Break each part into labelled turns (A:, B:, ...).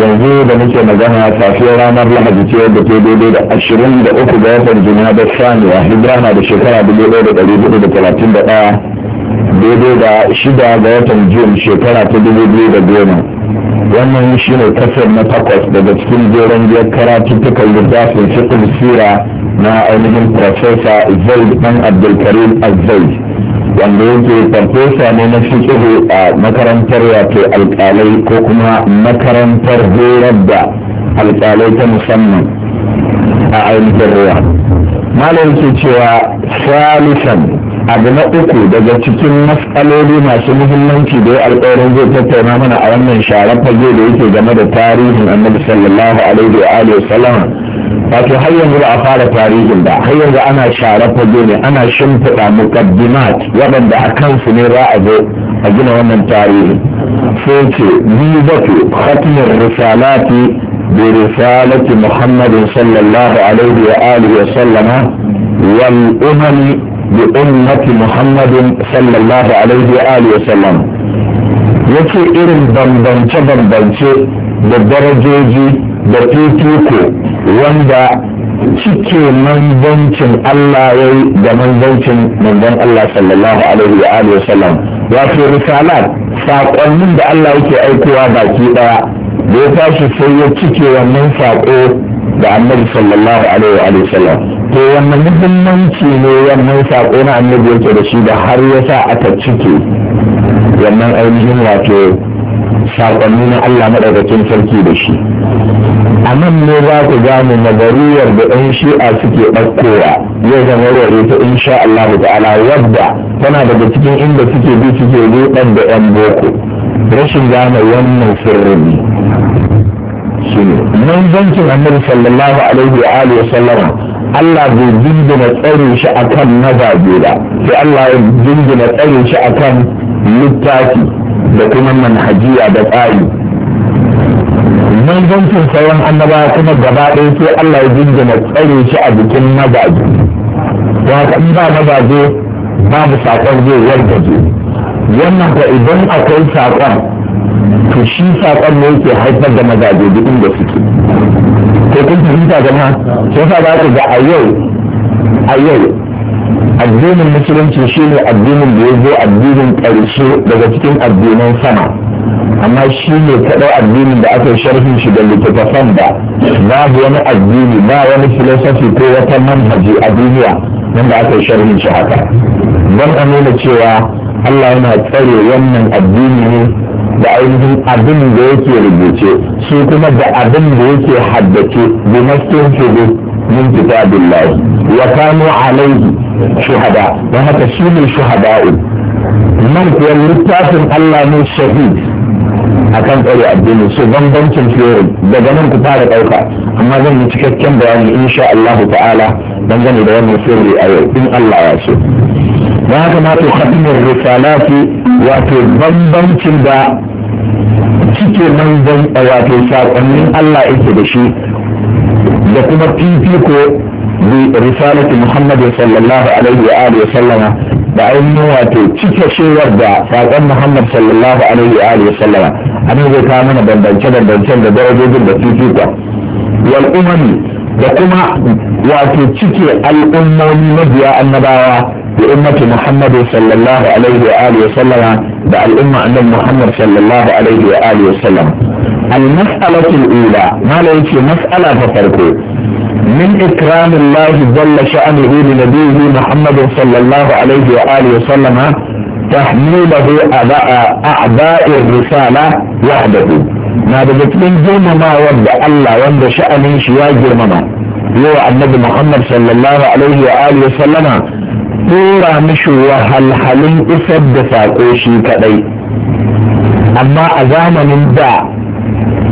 A: yanzu da muke magana safiyar ranar lahadi ce da ke daidai da ashirin da uku ga watan juna da saniya hijira na da shekara dubu ɗaya da ɗari hudu da talatin da ɗaya daidai da shida ga watan jun shekara ta dubu biyu da goma wannan shi ne kasar na takwas daga cikin jeron biyar karatuttukan littafin fiqh sira na ainihin profesa zaid dan abdulkarim azzaid wanda yake farfesa ne na fiƙihu a makarantar wato alƙalai ko kuma makarantar horar da alƙalai ta musamman a ainihin ruwa malam ke cewa salisan abu na uku daga cikin matsaloli masu muhimmanci da ya alƙawarin zai tattauna mana a wannan sharar fage da yake game da tarihin annabi sallallahu alaihi wa alihi wa wato har yanzu ba a fara tarihin ba har yanzu ana share fage ne ana shimfiɗa mukaddimat waɗanda a kansu ne za a zo a gina wannan tarihi sai ce mizatu khatmin risalati bi risalati muhammadin sallallahu alaihi wa alihi wa sallama wal umami bi ummati muhammadin sallallahu alaihi wa alihi wa sallam yace irin bambance bambance da darajoji da fifiko wanda cike manzancin Allah ya yi da manzancin manzan Allah sallallahu alaihi wa Alaihi wa wato risalat saƙonnin da Allah yake aikowa baki ɗaya da ya tashi sai ya cike wannan saƙo da annabi sallallahu alaihi wa Alaihi wa sallam to wannan muhimmanci ne wannan saƙo na annabi yake da shi da har ya sa aka cike wannan ainihin wato saƙonni na Allah maɗaukakin sarki da shi a nan ne za ku gane nazariyar da ɗan shi'a suke ɗaukowa yau zan warware ta insha Allah ta'ala wadda tana daga cikin inda suke bi suke ruɗar da 'yan boko rashin gane wannan sirri shi ne manzancin annabi sallallahu alaihi wa alihi sallama Allah zai jingina tsare shi akan mazaje ba sai Allah ya jingina tsare shi akan littafi da kuma manhajiya da tsari manzancin sauran annaba kuma gaba ɗaya sai Allah ya jingina tsare shi a jikin mazaje wata in ba mazaje babu saƙon zai wargaje wannan ka idan akwai saƙon to shi saƙon ne yake haifar da mazaje duk inda suke ko kun fahimta jama'a sai sa za ku ga a yau a yau addinin musulunci shi ne addinin da ya zo addinin ƙarshe daga cikin addinan sama amma shi ne kaɗai addinin da aka sharhin shi da littattafan da babu wani addini ba wani filosofi ko wata manhaji a duniya wanda aka sharhin shi haka don a nuna cewa allah yana tsare wannan addini ne da ainihin abin da yake rubuce su kuma da abin da yake haddace bi maskin hudu min kitabillahi wa kanu alaihi shuhada don haka shi ne shuhada'u nan kuwa littafin Allah ne shahid a kan tsare addini su bambancin fiye daga nan ku fara ɗauka amma zan yi cikakken bayani insha Allah ta'ala dangane da wannan sirri a yau in Allah ya so don haka ma to khatimin risalati wato bambancin da cike manzon wato sakonnin Allah yake da shi da kuma fifiko برسالة محمد صلى الله عليه وآله وسلم بعين واتو تشكى شيء وردع فاقم محمد صلى الله عليه وآله وسلم أنا زي كامنا بندنشا بندنشا بدرجة بسيطة والأمم بكما واتي تشكى الأمم مبيا النباوة لأمة محمد صلى الله عليه وآله وسلم بأ الأمة أن محمد صلى الله عليه وآله وسلم المسألة الأولى ما ليش مسألة فتركوه من إكرام الله جل شأنه لنبيه محمد صلى الله عليه وآله وسلم تحميله على أعداء الرسالة وحده ما من جرم ما ودى الله وند شأنه شيا جرم ما هو النبي محمد صلى الله عليه وآله وسلم tura مشو وهل isar اسد فاقوشي shi اما ازامن من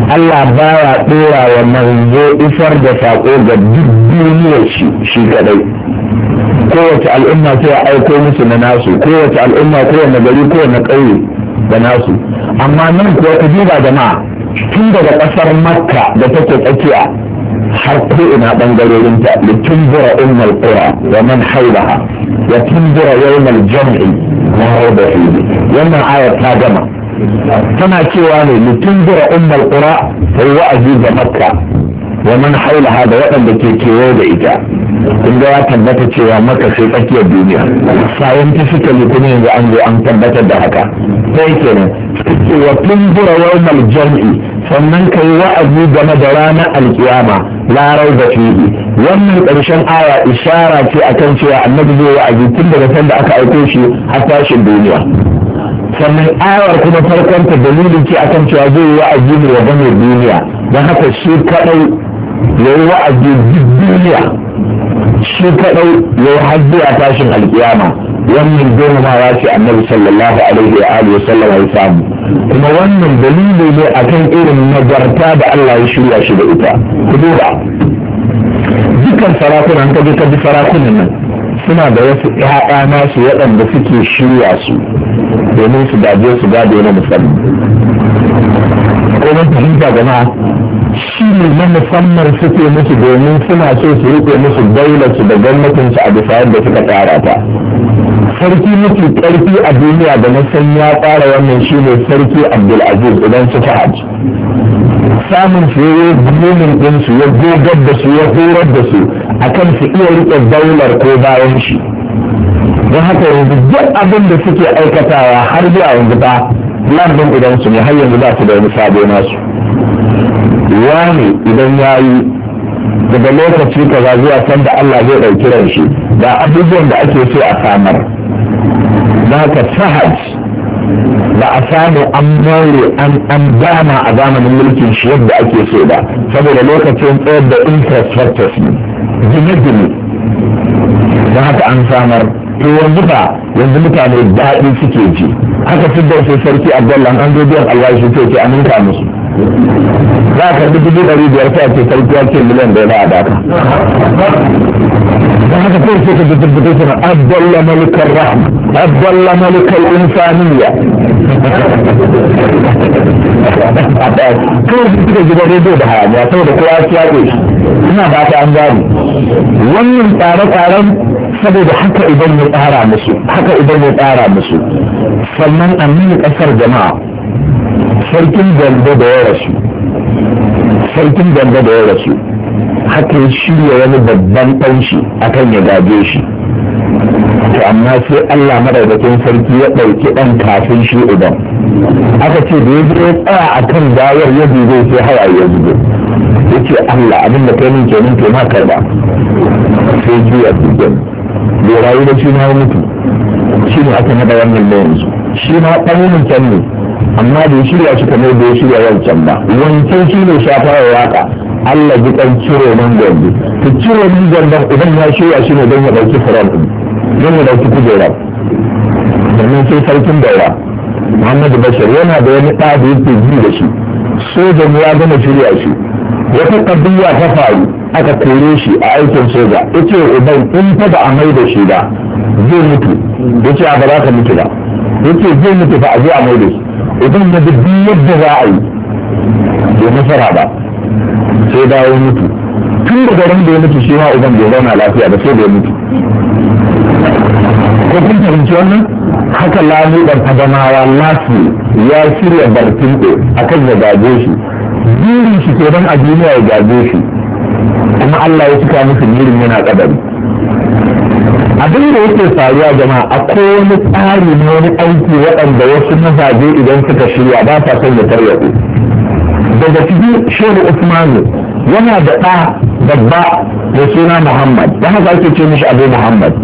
A: Allah baya ɗora wa manzo isar da saƙo ga duk duniyar shi kadai kowace al'umma sai a aiko musu na nasu kowace al'umma kowane gari kowane ƙauye da nasu amma nan kuwa ka duba jama'a tun daga ƙasar makka da take tsakiya har ko ina ɓangarorinta da tunzura ummar qura wa man hailaha wa tunzura yawmal jam'i na hau da wannan ayar ta gama tana cewa ne mutum zira ummar qura sai wa'azi ga makka wa man haulaha da waɗanda ke kewaye da ita kun ga ya tabbata cewa maka sai tsakiyar duniya suka yi kuma yanzu an zo an tabbatar da haka sai kenan wa tunzura yawmal jam'i sannan kai wa'azi game da ranar alkiyama larai da fili wannan ƙarshen aya ishara ce akan cewa annabi zai wa'azi tun daga sanda aka aiko shi har tashin duniya sannan ayar kuma farkonta dalilin ce akan cewa zai yi wa'azi ne wa gane duniya don haka shi kadai ya yi wa'azi duk duniya shi kadai ya yi har a tashin alkiyama wannan girmamawa ce annabi sallallahu alaihi wa alihi ya samu kuma wannan dalili ne akan irin nagarta da Allah ya shirya shi da ita ku duba dukkan sarakunan kaje kaji sarakunan nan suna da wasu ƴaƴa nasu waɗanda suke shirya su domin su gaje su gado na musamman ko mun fahimta jama'a shi ne na musamman suke musu domin suna so su rike musu daular su da gwamnatin su a bisa yadda suka tsara ta sarki mafi karfi a duniya da na san ya tsara wannan shi ne sarki abdulaziz idan su hajji? samun su ya gumin ɗinsu ya gogar da su ya horar da su akan su iya rike daular ko bayan shi don haka yanzu duk abin da suke aikatawa har zuwa yanzu ba lardin idan su ne har yanzu ba su da wani sabo nasu wani idan ya yi daga lokaci za zuwa sanda Allah zai ɗauki ran shi da abubuwan da ake so a samar za ka sahaj ba a samu an more an dama a zamanin mulkin shi yadda ake so ba saboda lokacin tsayar da infrastructures ne gine-gine da haka an samar to yanzu ba yanzu mutane daɗi suke ji haka fiddar sai sarki abdullahi an zo biyan alwashi sai ce aminta musu za ka bi dubu ɗari biyar sai a ce sarki ya ce miliyan da ya ba a daka da haka sai sai ka ji tabbatar suna abdullahi malikar rahma abdullahi malikar insaniya kawai su suka gida rediyo da hayaniya saboda kowa ya ce ina ba ta an gani wannan tsare-tsaren saboda haka idan ya tsara musu haka idan ya tsara musu sannan annin kasar jama'a sarkin gambo da ya rasu sarkin gambo da ya rasu haka ya shirya wani babban ɗanshi akan ya gaje shi to amma sai Allah madaukakin sarki ya ɗauki ɗan kafin shi idan aka ce da ya zo ya tsaya a kan dawar ya zube sai hawa ya zube ya ce Allah abinda kai min kenan to ma karba sai juya zube bai rayu da shi na mutu shi ne aka haɗa wannan da yanzu shi ma ɗanunin can ne amma bai shirya shi kamar ya shirya can ba wancan shi ne shafa ya waka Allah ji ɗan ciro nan gombe ta ciro nan gombe idan ya shirya shi ne don ya ɗauki furan don ya ɗauki kujera domin sai sarkin daura Muhammadu Bashir yana da wani ɗa yake ji da shi sojan ya gama shirya shi wata ƙabiya ta faru aka tere shi a aikin soja ya ce ubai in ta ba a mai da shi ba zai mutu ya ce ba za ka mutu ba ya ce zai mutu ba a zai a mai da shi idan na biyu yadda za a yi da nasara ba sai da ya mutu tun da garin da ya mutu shi ma uban bai zauna lafiya ba sai da ya mutu ko kun fahimci wannan haka lamu dan adamawa lafi ya shirya bartin a kan ya gaje shi burin shi ke don a duniya ya gaje shi kuma Allah ya cika musu mirin yana kadari abin da yake faruwa jama'a akwai wani tsari na wani aiki waɗanda wasu mazaje idan suka shirya ba ta son ya taryaɗe daga cikin shehu usmanu yana da ɗa babba da suna muhammad da haka ake ce mishi abu muhammad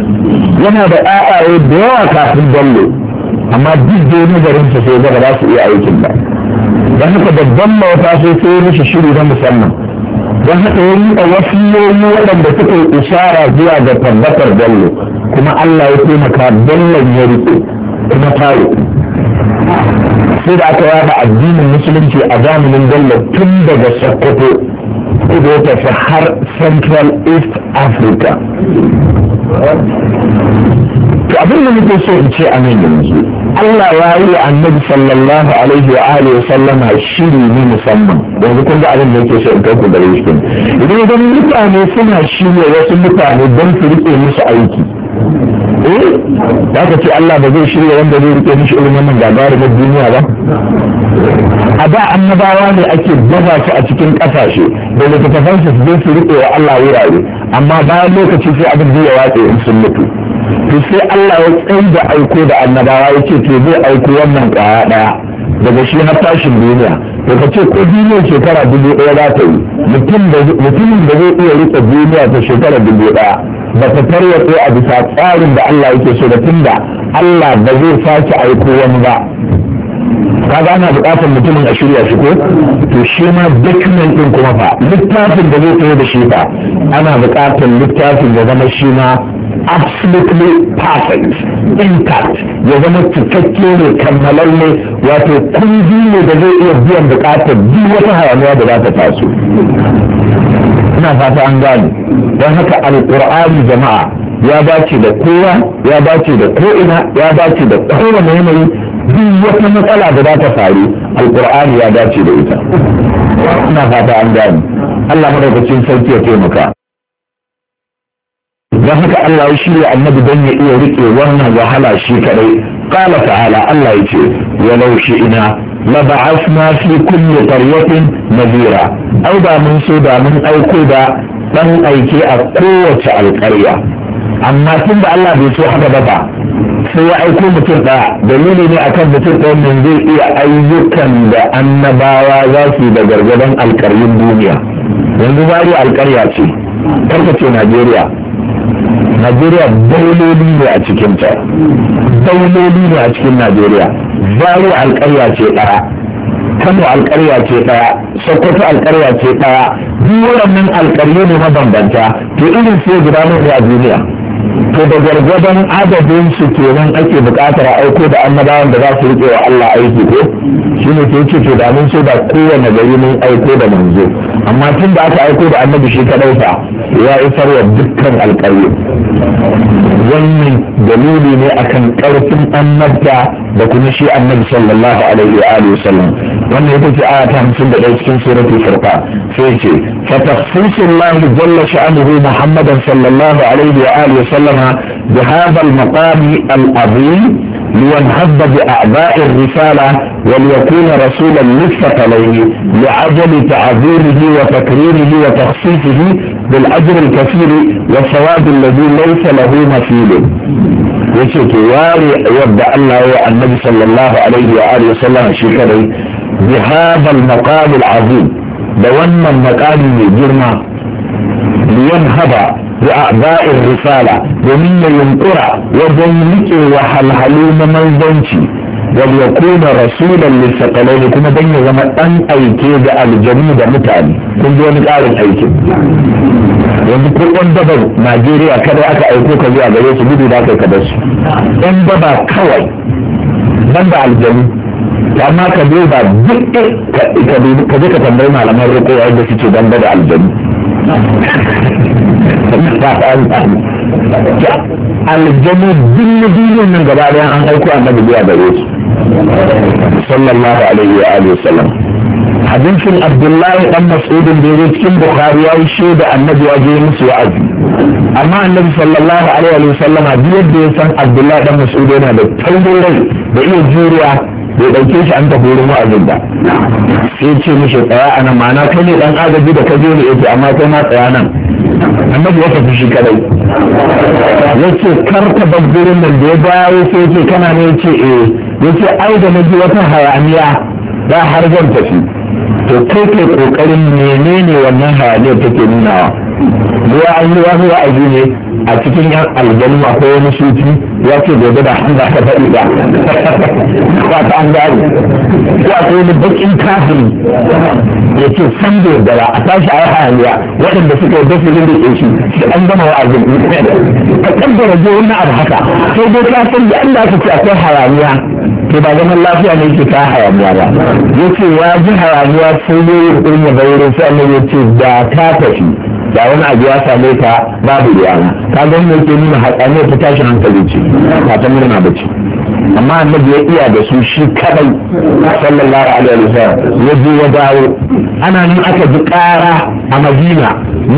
A: yana da ɗa'aye da yawa kafin dallo amma duk da wani garin su sai ba su iya aikin ba da haka babban mawata sai sai mishi shiri na musamman don haka ya riƙa wasiyoyi waɗanda suka yi ishara zuwa ga tabbatar bello kuma Allah ya taimaka bellon ya riƙe kuma ta sai da aka yaba addinin musulunci a zamanin bello tun daga sokoto ko da har central east africa to abin da nake so in ce a nan yanzu Allah ya yi annabi sallallahu alaihi wa alihi sallama shiri ne musamman yanzu kun ga abin da yake so in kai ku gare idan idan mutane suna shirya wasu mutane don su rike musu aiki eh da ka ce Allah ba zai shirya wanda zai rike musu ilimin nan gagarumin duniya ba a da annabawa ne ake dafa su a cikin kasashe da littattafan su zai su riƙe wa Allah wurare amma bayan lokaci sai abin zai yawa watse in sun mutu to sai Allah ya tsayi da aiko da annabawa ya ce to zai aiko wannan ƙwaya ɗaya daga shi na tashin duniya to ka ce ko duniya shekara dubu ɗaya za ta yi mutumin da zai iya riƙe duniya ta shekara dubu ɗaya ba ta tarwatsa a bisa tsarin da Allah yake so da tunda Allah ba zai sake aiko wani ba kaga ana buƙatar mutumin a shirya shi ko to shi ma document din kuma fa littafin da zai tsaye da shi fa ana buƙatar littafin da zama shi ma absolutely perfect intact ya zama cikakke ne kammalalle wato kungi ne da zai iya biyan buƙatar duk wata hayaniya da za ta taso ina fata an gane don haka alƙur'ani jama'a ya dace da kowa ya dace da ko'ina ya dace da kowane yanayi duk wata matsala da za ta faru alkur'ani ya dace da ita ina fata an gani Allah madaukakin sarki ya taimaka dan haka Allah ya shirya annabi dan ya iya rike wannan wahala shi kadai qala ta'ala Allah ya ce walau ina لبعثنا في كل قرية نذيرا أو دا من سودا من أي كودا من أيكي القوة القرية Allah bai so بيسو حدا ba. sai ya aiko mutum ɗaya dalili ne akan mutum ɗaya nan zai iya ayyukan da annabawa za su da gargadan alkaryun duniya yanzu zari alkarya ce karka ce najeriya najeriya dauloli ne a cikin cikinta dauloli ne a cikin najeriya zari alkarya ce ɗaya kano alkarya ce ɗaya sokoto alkarya ce ɗaya duk waɗannan alkarya ne mabambanta to irin sai gudanar da a duniya to da gwargwadon adadin su kenan ake buƙatar aiko da annabawan da za su riƙe wa Allah aiki ko shi ne ke ce to da mun so da kowane gari mun aiko da manzo amma tun da aka aiko da annabi shi kadai fa ya isar wa dukkan alƙarye wannan dalili ne akan ƙarfin annabta da kuma shi annabi sallallahu alaihi wa alihi wasallam wannan ita ce aya ta hamsin da ɗaya cikin suratul furqa sai ce fa tafsisullahi jalla sha'anuhu muhammadan sallallahu alaihi wa alihi wasallam bi hadha al-maqami al-azim لينهض بأعباء الرسالة وليكون رسولا للثقلين عليه لعجل تعذيره وتكريره وتخصيصه بالأجر الكثير والثواب الذي ليس له مثيل يسوك واري يبدا الله النبي صلى الله عليه وآله وسلم شكري بهذا المقام العظيم ان المقام يجرنا لينهض بأعضاء الرسالة ومن ينقر وذلك وحلحلون من ذنشي وليكون رسولا للثقلين كما دنيا زما دان aike da aljanu da mutane kuma ji wani ƙarin yanzu ko ɗan dabar najeriya kada aka aiko ka zuwa gare su gudu da aka kada su ɗan daba kawai ban da aljanu amma ka duba duk ka je ka tambayi malaman riko yadda suke dan da aljanu aljanu dinne duniyar nan gaba ɗaya an aiko annabi zuwa gare su sallallahu alaihi wa alihi wasallam hadisin abdullahi dan mas'udin da yake cikin bukhari ya yi shaida annabi ya je musu wa'azi amma annabi sallallahu alaihi wa sallam duk yadda ya san abdullahi dan mas'ud yana da taurin rai da iya juriya bai dauke shi an tafi wurin wa'azin ba sai ce mishi tsaya a nan ma'ana kai ne dan agaji da ka je ne yake amma kai ma tsaya nan annabi ya tafi shi kadai ya ce karka babbirin nan da ya dawo sai ce kana ne ya ce eh ya ce ai da naji ji wata hayaniya da har zan tafi to kai ke kokarin menene wannan hayaniyar take nunawa ruwa an yi wani wa'azi ne a cikin yan aljanu akwai wani sufi ya ce gobe da an za ka faɗi ba ba ta an gari ya ce wani bakin kafin ya ce san dogara a tashi a yi hayaniya waɗanda suka yi dafi da ke shi da an gama ne ka kaddara je wani abu haka sai dai ka san da Allah ka ce akwai hayaniya to ba zaman lafiya ne ke ta hayaniya ba ya ce ya ji hayaniya sai ne ya bai wurin sai ya ce da ta tafi da wani abu ya same ta babu iyana ka ga wannan yake nuna hatsaniyar ta tashin hankali ce ba ta murna ba ce amma annabi ya iya da su shi kadai sallallahu alaihi wasallam ya je ya dawo ana nan aka ji kara a madina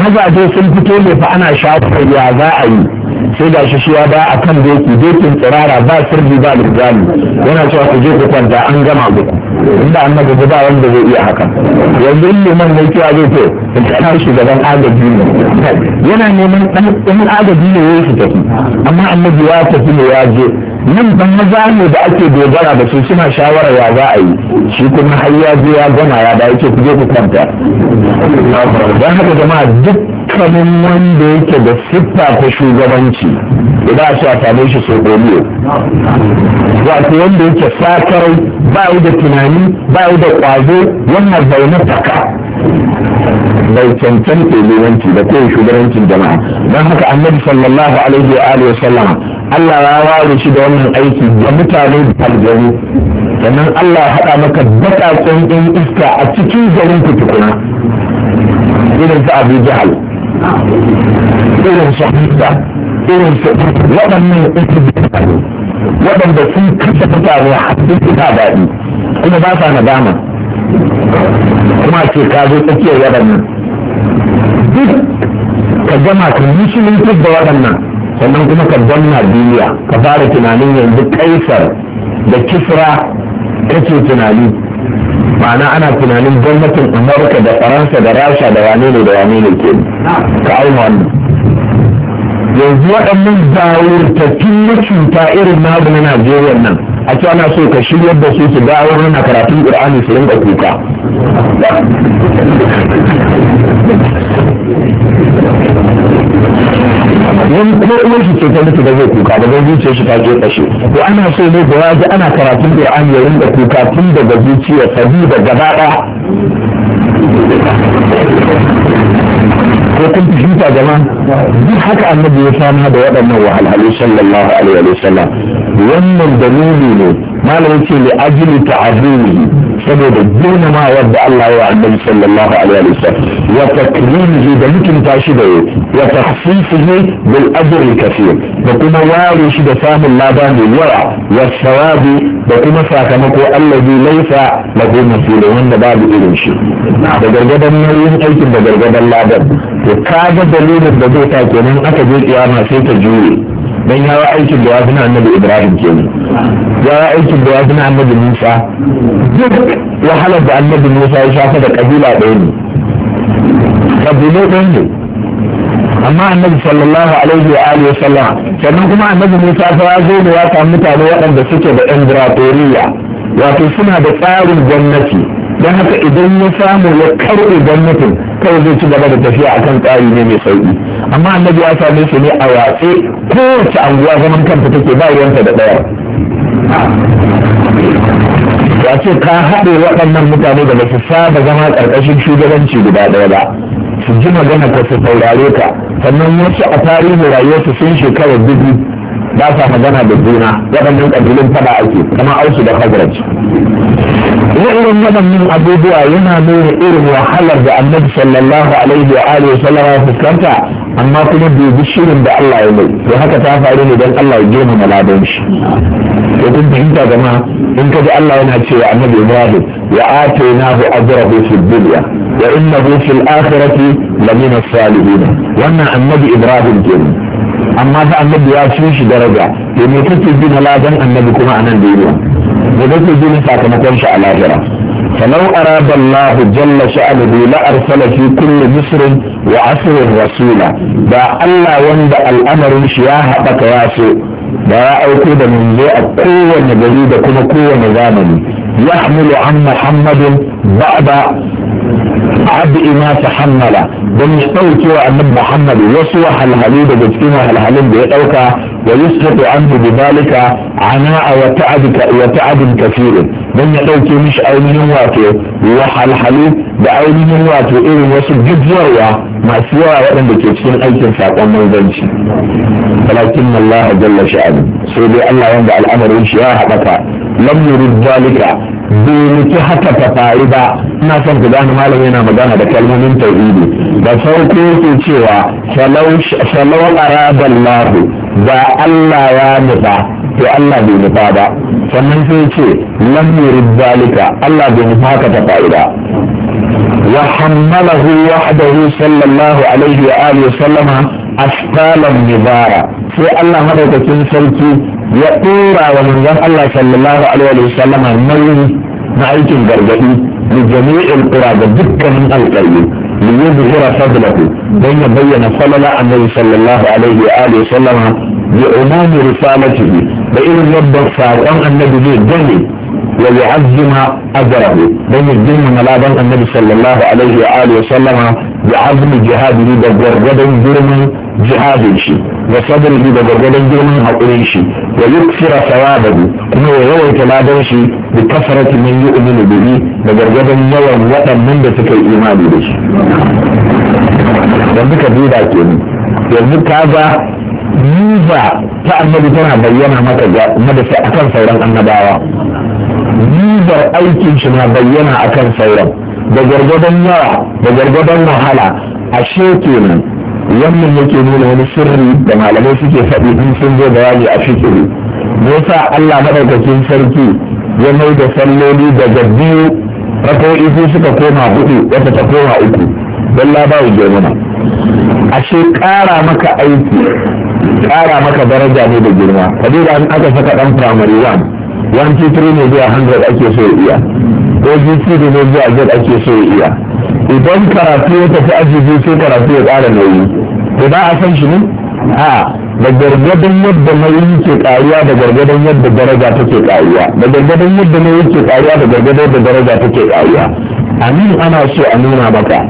A: mazaje sun fito ne fa ana shafa ya za a yi sai ga shi shiwa ba a kan doki dokin tsirara ba sirri ba lirgani yana cewa ku je ku kwanta an gama muku inda annabi ba wanda zai iya haka yanzu in liman ne kiwa zai ce in tashi gaban agaji ne yana neman ɗan agaji ne ya shi tafi amma annabi ya tafi ne ya je nan ban maza ne da ake dogara da su suna shawara ya za a yi shi kuma har ya je ya gama ya da yake ku je ku kwanta dan haka jama'a duk dukkanin wanda yake da siffa ta shugabanci idan a same shi sau goliyo wato wanda yake sakarai ba da tunani ba da ƙwazo wannan zaune taka bai cancanta lewanci da kowane shugabancin jama'a don haka annabi sallallahu alaihi wa alihi wasallam Allah ya ware shi da wannan aiki da mutane da aljanu sannan Allah ya haɗa maka baƙaƙen ɗin iska a cikin garin kutukuna irin su Abu jihar.
B: irin
A: su hanta irin su waɗannan ta mutane waɗanda sun kasa a haɗin ita daɗi kuma ba sa nadama kuma ke kazo tsakiyar waɗannan duk ka gama ka musulunci da waɗannan sannan kuma ka zanna duniya ka fara tunanin yanzu kaisar da kisra kake tunani ma'ana ana tunanin gwamnatin amurka da faransa da rasha da wane ne da wane ne ke ka auna wannan yanzu waɗannan gawurtattun na cuta irin nagu na najeriya nan a ce ana so ka shiryar da su su dawo na karatun ƙur'ani su rinka kuka wani kuma uwar shi ce ta mutu da zai kuka ba zai zuciya shi ta je kashe to ana so ne da yaji ana karatun Qur'ani ya rinka kuka tun daga zuciya sabi da gaba ɗaya ko kun fahimta jama'a duk haka annabi ya fama da waɗannan wahalhalu sallallahu alaihi wa sallam wannan dalili ne malamin ce li ajli ta'azimi saboda girmama yadda Allah ya annabi sallallahu alaihi wa sallam wa takrimihi da mutunta shi da yi wa tahsisihi bil ajri kathir da kuma ware shi da samun lada mai yawa wa sawabi da kuma sakamako allazi laysa lahu nasibun wanda babu irin shi da gargadan nauyin aikin da gargadan ladan to kaga dalilin da zai ta kenan aka je kiyama sai ta jure dan yawa aikin da ya fi na annabi Ibrahim kenan ya yi aikin da ya fi na annabi musa duk wahalar da annabi musa ya shafa da kabila ɗaya ne kabilu ɗaya ne amma annabi sallallahu alaihi wa alihi wasallam sannan kuma annabi musa fa ya zo da ya samu mutane waɗanda suke da embratoriya wato suna da tsarin gwamnati don haka idan ya samu ya karɓe gwamnatin kawai zai ci gaba da tafiya akan tsari ne mai sauki amma annabi ya same su ne a watse kowace anguwa zaman kanta take ba ruwanta da ɗaya ya ce ka haɗe waɗannan mutane da ba su saba zama ƙarƙashin shugabanci guda ɗaya ba su ji magana ko su saurare ka sannan wasu a tarihin rayuwarsu sun shekarar dubu ba sa magana da juna waɗannan ƙabilun fada ake kama ausu da hazrat irin waɗannan abubuwa yana nuna irin wahalar da annabi sallallahu alaihi wa alihi wa sallama fuskanta amma kuma bai bi shirin da Allah ya yi to haka ta faru ne dan Allah ya girma maladan shi to kun fahimta gama in kaji Allah yana cewa annabi Ibrahim wa atainahu ajrahu fi dunya wa innahu al akhirati as salihin wannan annabi Ibrahim kenan amma fa annabi ya ci shi daraja to me kake bi maladan annabi kuma anan da yi duniya da kake bi sakamakon shi a lahira فلو أراد الله جل شأنه لأرسل في كل مصر وعصر رسولا دا الله وند الأمر شياها بك ياسو دا أوكيد من ذي القوة نجريد كما قوة نظامي يحمل عن محمد بعد عبد ما تحمل بن يطوكي عن محمد يسوى هل هليد بجكينا هل هليد ويسقط عنه بذلك عناء وتعب كثير don ya ɗauke mishi ainihin wato wahalhalu da ainihin wato irin wasu gajiyarwa masu yawa waɗanda ke cikin aikin saƙon manzanci walakin Allah jalla sha'ani sai dai Allah wanda al'amarin shi ya haɓaka lam yurid zalika bai nufi haka ta faru ba ina son ku gane malam yana magana da kalmomin tauhidi da farko yake cewa shalau arada Allah ba Allah ya nufa to Allah bai nufa ba sannan sai ce lam yurid zalika Allah bai nufi haka ta fa'ida wa hammalahu wahdahu sallallahu alaihi wa alihi sallama asqalan nibara sai Allah madaukakin sarki ya dora wa manzon Allah sallallahu alaihi wa sallama nauyi na aikin gargadi da jami'il qura ga dukkanin alƙarni ليظهر فضله بين بين فضل النبي صلى الله wa واله وسلم بعموم رسالته da irin yadda saƙon annabi zai gane wa yu'azzima ajrahu dan ya girmama ladan annabi sallallahu alaihi wa alihi sallama bi azmi jihadihi da gwargwadon girman jihadin shi da da gwargwadon girman hakurin shi wa yuksira sawabahu kuma ya yawaita ladan shi bi kasarati man yu'minu bihi da gwargwadon yawan waɗannan da suka yi imani da shi dan duka duda kenan yanzu ka ga niza ta annabi tana bayyana mata madasa akan sauran annabawa nizar aikin shi na bayyana akan sauran da gargadon yawa da gargadon wahala ashe kenan wannan yake nuna wani sirri da malamai suke faɗi in sun zo da bayani a fikiri me yasa Allah madaukakin sarki ya mai da salloli daga biyu rakawai su suka koma hudu wata ta koma uku don labarin germana ashe ƙara maka aiki kara maka daraja ne da girma ka duba in aka saka ɗan primary one one two three ne zuwa hundred ake so ya iya ko gcd ne zuwa z ake so ya iya idan karatu ya tafi aji biyu sai karatu ya kara nauyi to ba a san shi ne a da gargadon yadda nauyi ke kariya da gargadon yadda daraja take kariya da gargadon yadda nauyi ke kariya da gargadon yadda daraja take kariya amin ana so a nuna maka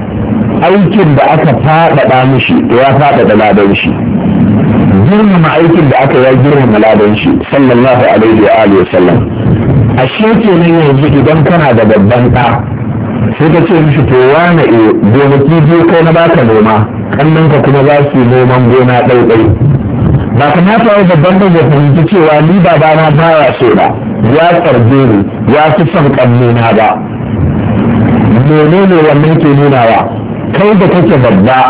A: aikin da aka faɗaɗa mishi ya faɗaɗa ladan shi girmama aikin da aka ya girmama ladan shi sallallahu alaihi wa alihi wasallam a kenan yanzu idan kana da babban ɗa sai ka ce mishi to wane e gonaki kai na baka noma kannan ka kuma za su noman gona ɗaiɗai ba kamata wai babban ɗan ya fahimci cewa ni babana baya so na ya tsarge ni ya fi son ƙannena ba menene wannan ke nunawa kai da kake babba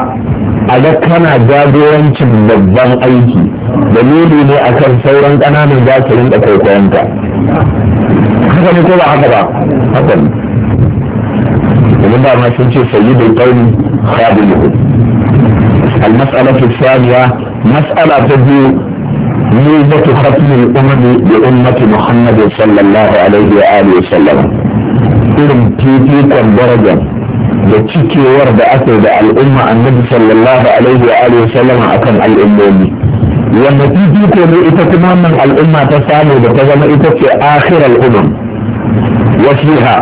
A: a ga kana jagorancin babban aiki dalili ne a kan sauran ƙananan za su rinka kwaikwayonta haka ne ko ba haka ba haka ne domin ba ma sun ce sayi da sayyidul qawmi khadimuhu المسألة الثانية مسألة تبدو ميزة ختم الأمم بأمة محمد صلى الله عليه وآله وسلم irin fifikon darajar da cikewar da aka da al'umma annabi sallallahu alaihi wa alihi wasallam akan al'ummomi wanda fifiko ne ita kuma wannan al'umma ta samu da ta zama ita ce akhiral umam wasiha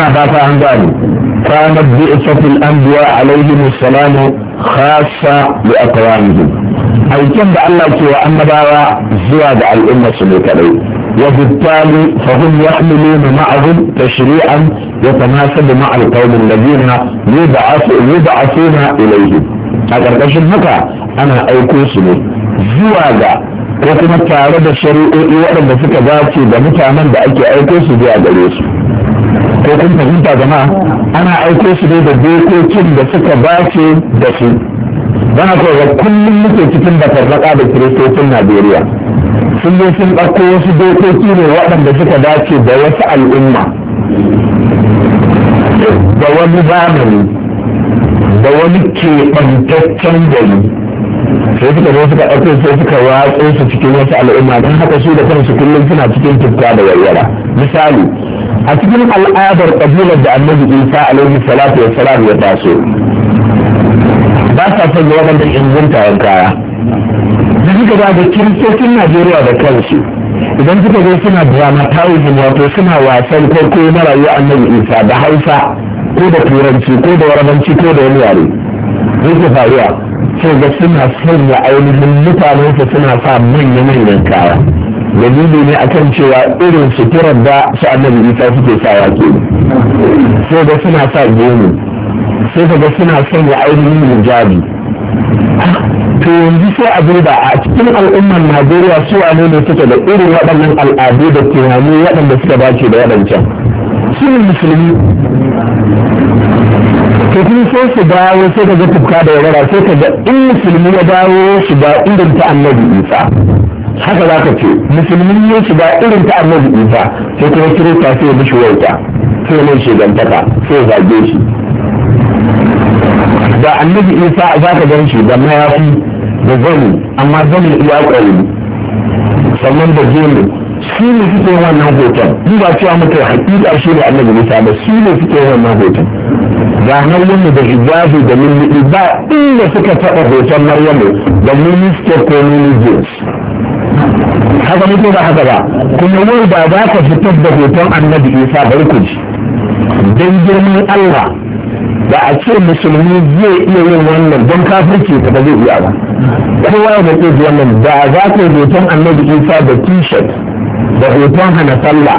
A: na ba ta an gane kanat bi'satul anbiya alaihim assalamu khassa li aqwamihim aikin da Allah ke wa annabawa zuwa ga al'umma su ne kadai وبالتالي فهم يحملون معهم تشريعا يتناسب مع القوم الذين يبعثوا يبعثون اليهم هذا الكشف مكا انا ايكوسني زواجا وكما تعالى الشريعي وقد فك ذاتي بمتا من بأيك ايكوس دي اغليس وكما تقولت اغماء انا ايكوس دي بديكو كم بفك ذاتي بسي وانا كل مكو تتنبت الرقابة كريستو النابيريا sun zo sun ɗauko wasu dokoki ne waɗanda suka dace da wasu al'umma da wani zamani da wani keɓantaccen gari sai suka zo suka ɗauko sai suka watso su cikin wasu al'umma don haka su da kansu kullum suna cikin tukka da wayyara misali a cikin al'adar ƙabilar da annabi isa alaihi salatu wa salam ya taso ba sa son waɗanda ingunta kaya duk gaba da kiristocin najeriya da kansu idan suka zo suna dramatizing wato suna wasan farko na rayuwa annabi isa da hausa ko da turanci ko da warabanci ko da wani yare zai ke faruwa sai ga suna sanya ainihin mutane su suna sa manya-manyan kaya dalili ne akan cewa irin suturar da su annabi isa suke sa ke sai ga suna sa gomi sai ga suna sanya ainihin hijabi to yanzu sai a duba a cikin al'ummar najeriya su wane ne suke da irin waɗannan al'adu da tunani waɗanda suka dace da waɗancan su musulmi to kun so su dawo sai ka ga tufka da yawara sai ka ga in musulmi ya dawo su ba irin ta annabi isa haka za ka ce musulmi ya shiga irin ta annabi isa sai kuma kirista sai ya mishi wauta sai mai shigantaka sai ya zage shi da annabi isa za ka gan shi da mayafi da zani amma zani ya ƙwari sannan da gemu su ne suke wannan hoton in ba cewa muka hakika shi da annabi musa ba su ne suke wannan hoton ga hannun da hijabi da lulluɓi ba inda suka taɓa hoton maryamu da minister ko ministers haka mutu ba haka ba kuma wai ba za ka fitar da hoton annabi isa barkuci don girman allah da a ce musulmi zai iya yin wannan don kafirce ba zai iya ba kowa ya da zai wannan da za ka hoton annabi isa da t-shirt da hoton hana sallah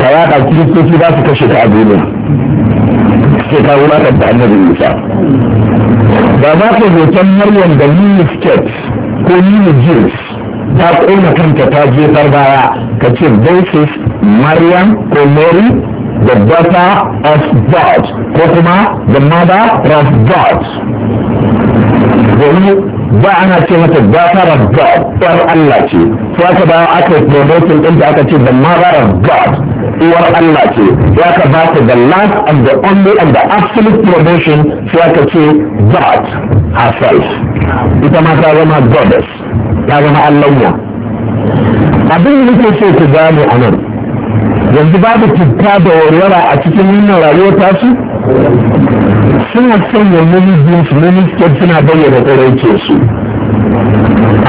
A: ka yaɗa kiristoci za su kashe ta a duniya sai ka wulatar da annabi isa da za ka hoton maryam da mini skirt ko mini jeans ta kona kanta ta jefar baya ka ce this is maryam ko mary the daughter of god ko kuma the mother of God domin ba ana ce mata daughter of God ɗan Allah ce to aka ba aka yi promoting ɗin da aka ce the mother of God uwar Allah ce Su aka ba ta the last and the only and the absolute promotion su aka ce God herself ita ma ta zama goddess ta zama Allahnya abin da nake so ku gane a nan yanzu babu citta da warwara a cikin wannan rayuwar tasu suna son sanya mini su mini skirt suna bayyana tsaraice su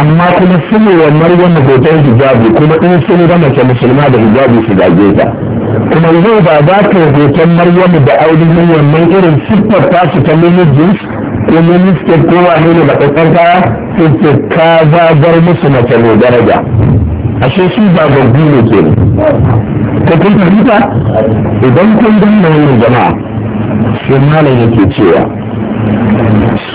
A: amma kuma suna wa maryam hoton hijabi kuma in sun ga ke musulma da hijabi su gaje ta kuma yau ba za ta hoton maryam da ainihin wannan irin siffar su ta mini jeans ko mini skirt ko wane ne ba tsakar kaya sai ce ka zagar musu mace mai daraja ashe su ba gaggu ne ke ko kun fahimta idan kun danna wannan jama'a sai malam yake cewa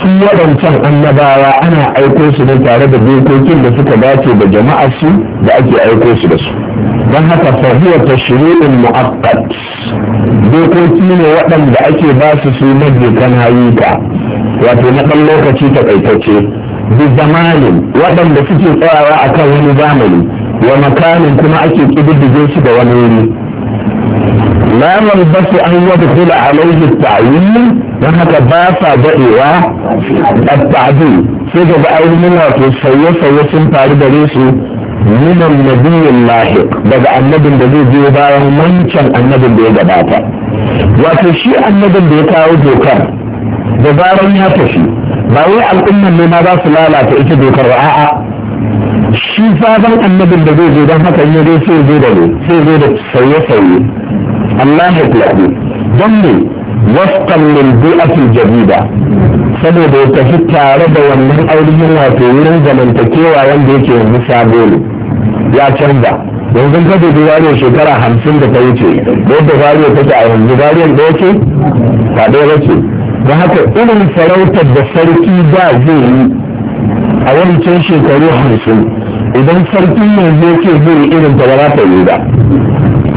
A: su waɗancan annabawa ana aiko su ne tare da dokokin da suka dace da jama'a su da ake aiko su da su don haka fahiwa ta shirin mu'akkad dokoki ne waɗanda ake ba su su kan hayuka wato na ɗan lokaci taƙaitacce bi zamanin waɗanda suke tsayawa akan wani zamani wa makanin kuma ake ƙididdige su da wani wuri لا ينبغي أن يدخل عليه التعيين وهذا باسا دقيقة التعديل سيجا بأي منها تسوي سوي سنتار دريسو من النبي اللاحق بدأ النبي الذي جيبا من كان النبي الذي جباتا وتشيء النبي الذي كاو دوكر دبارا يتشي باوي الأمة لما باس لا لا تأتي دوكر وعاء shi sabon annabin da zai zo don haka yi zai sai zo da ne sai zo da sauye-sauye Allah ya lafi don ne wafkan min bi'atul jadida saboda ya tafi tare da wannan ainihin wato wurin zamantakewa wanda yake yanzu sabo ya canza yanzu ka dubi wariyar shekara hamsin da ta wuce yadda ta take a yanzu wariyar da yake ba ɗaya ba ce da haka irin sarautar da sarki ba zai yi a wancan shekaru hamsin idan sarkin yanzu yake zai irin ta ba za ta yi ba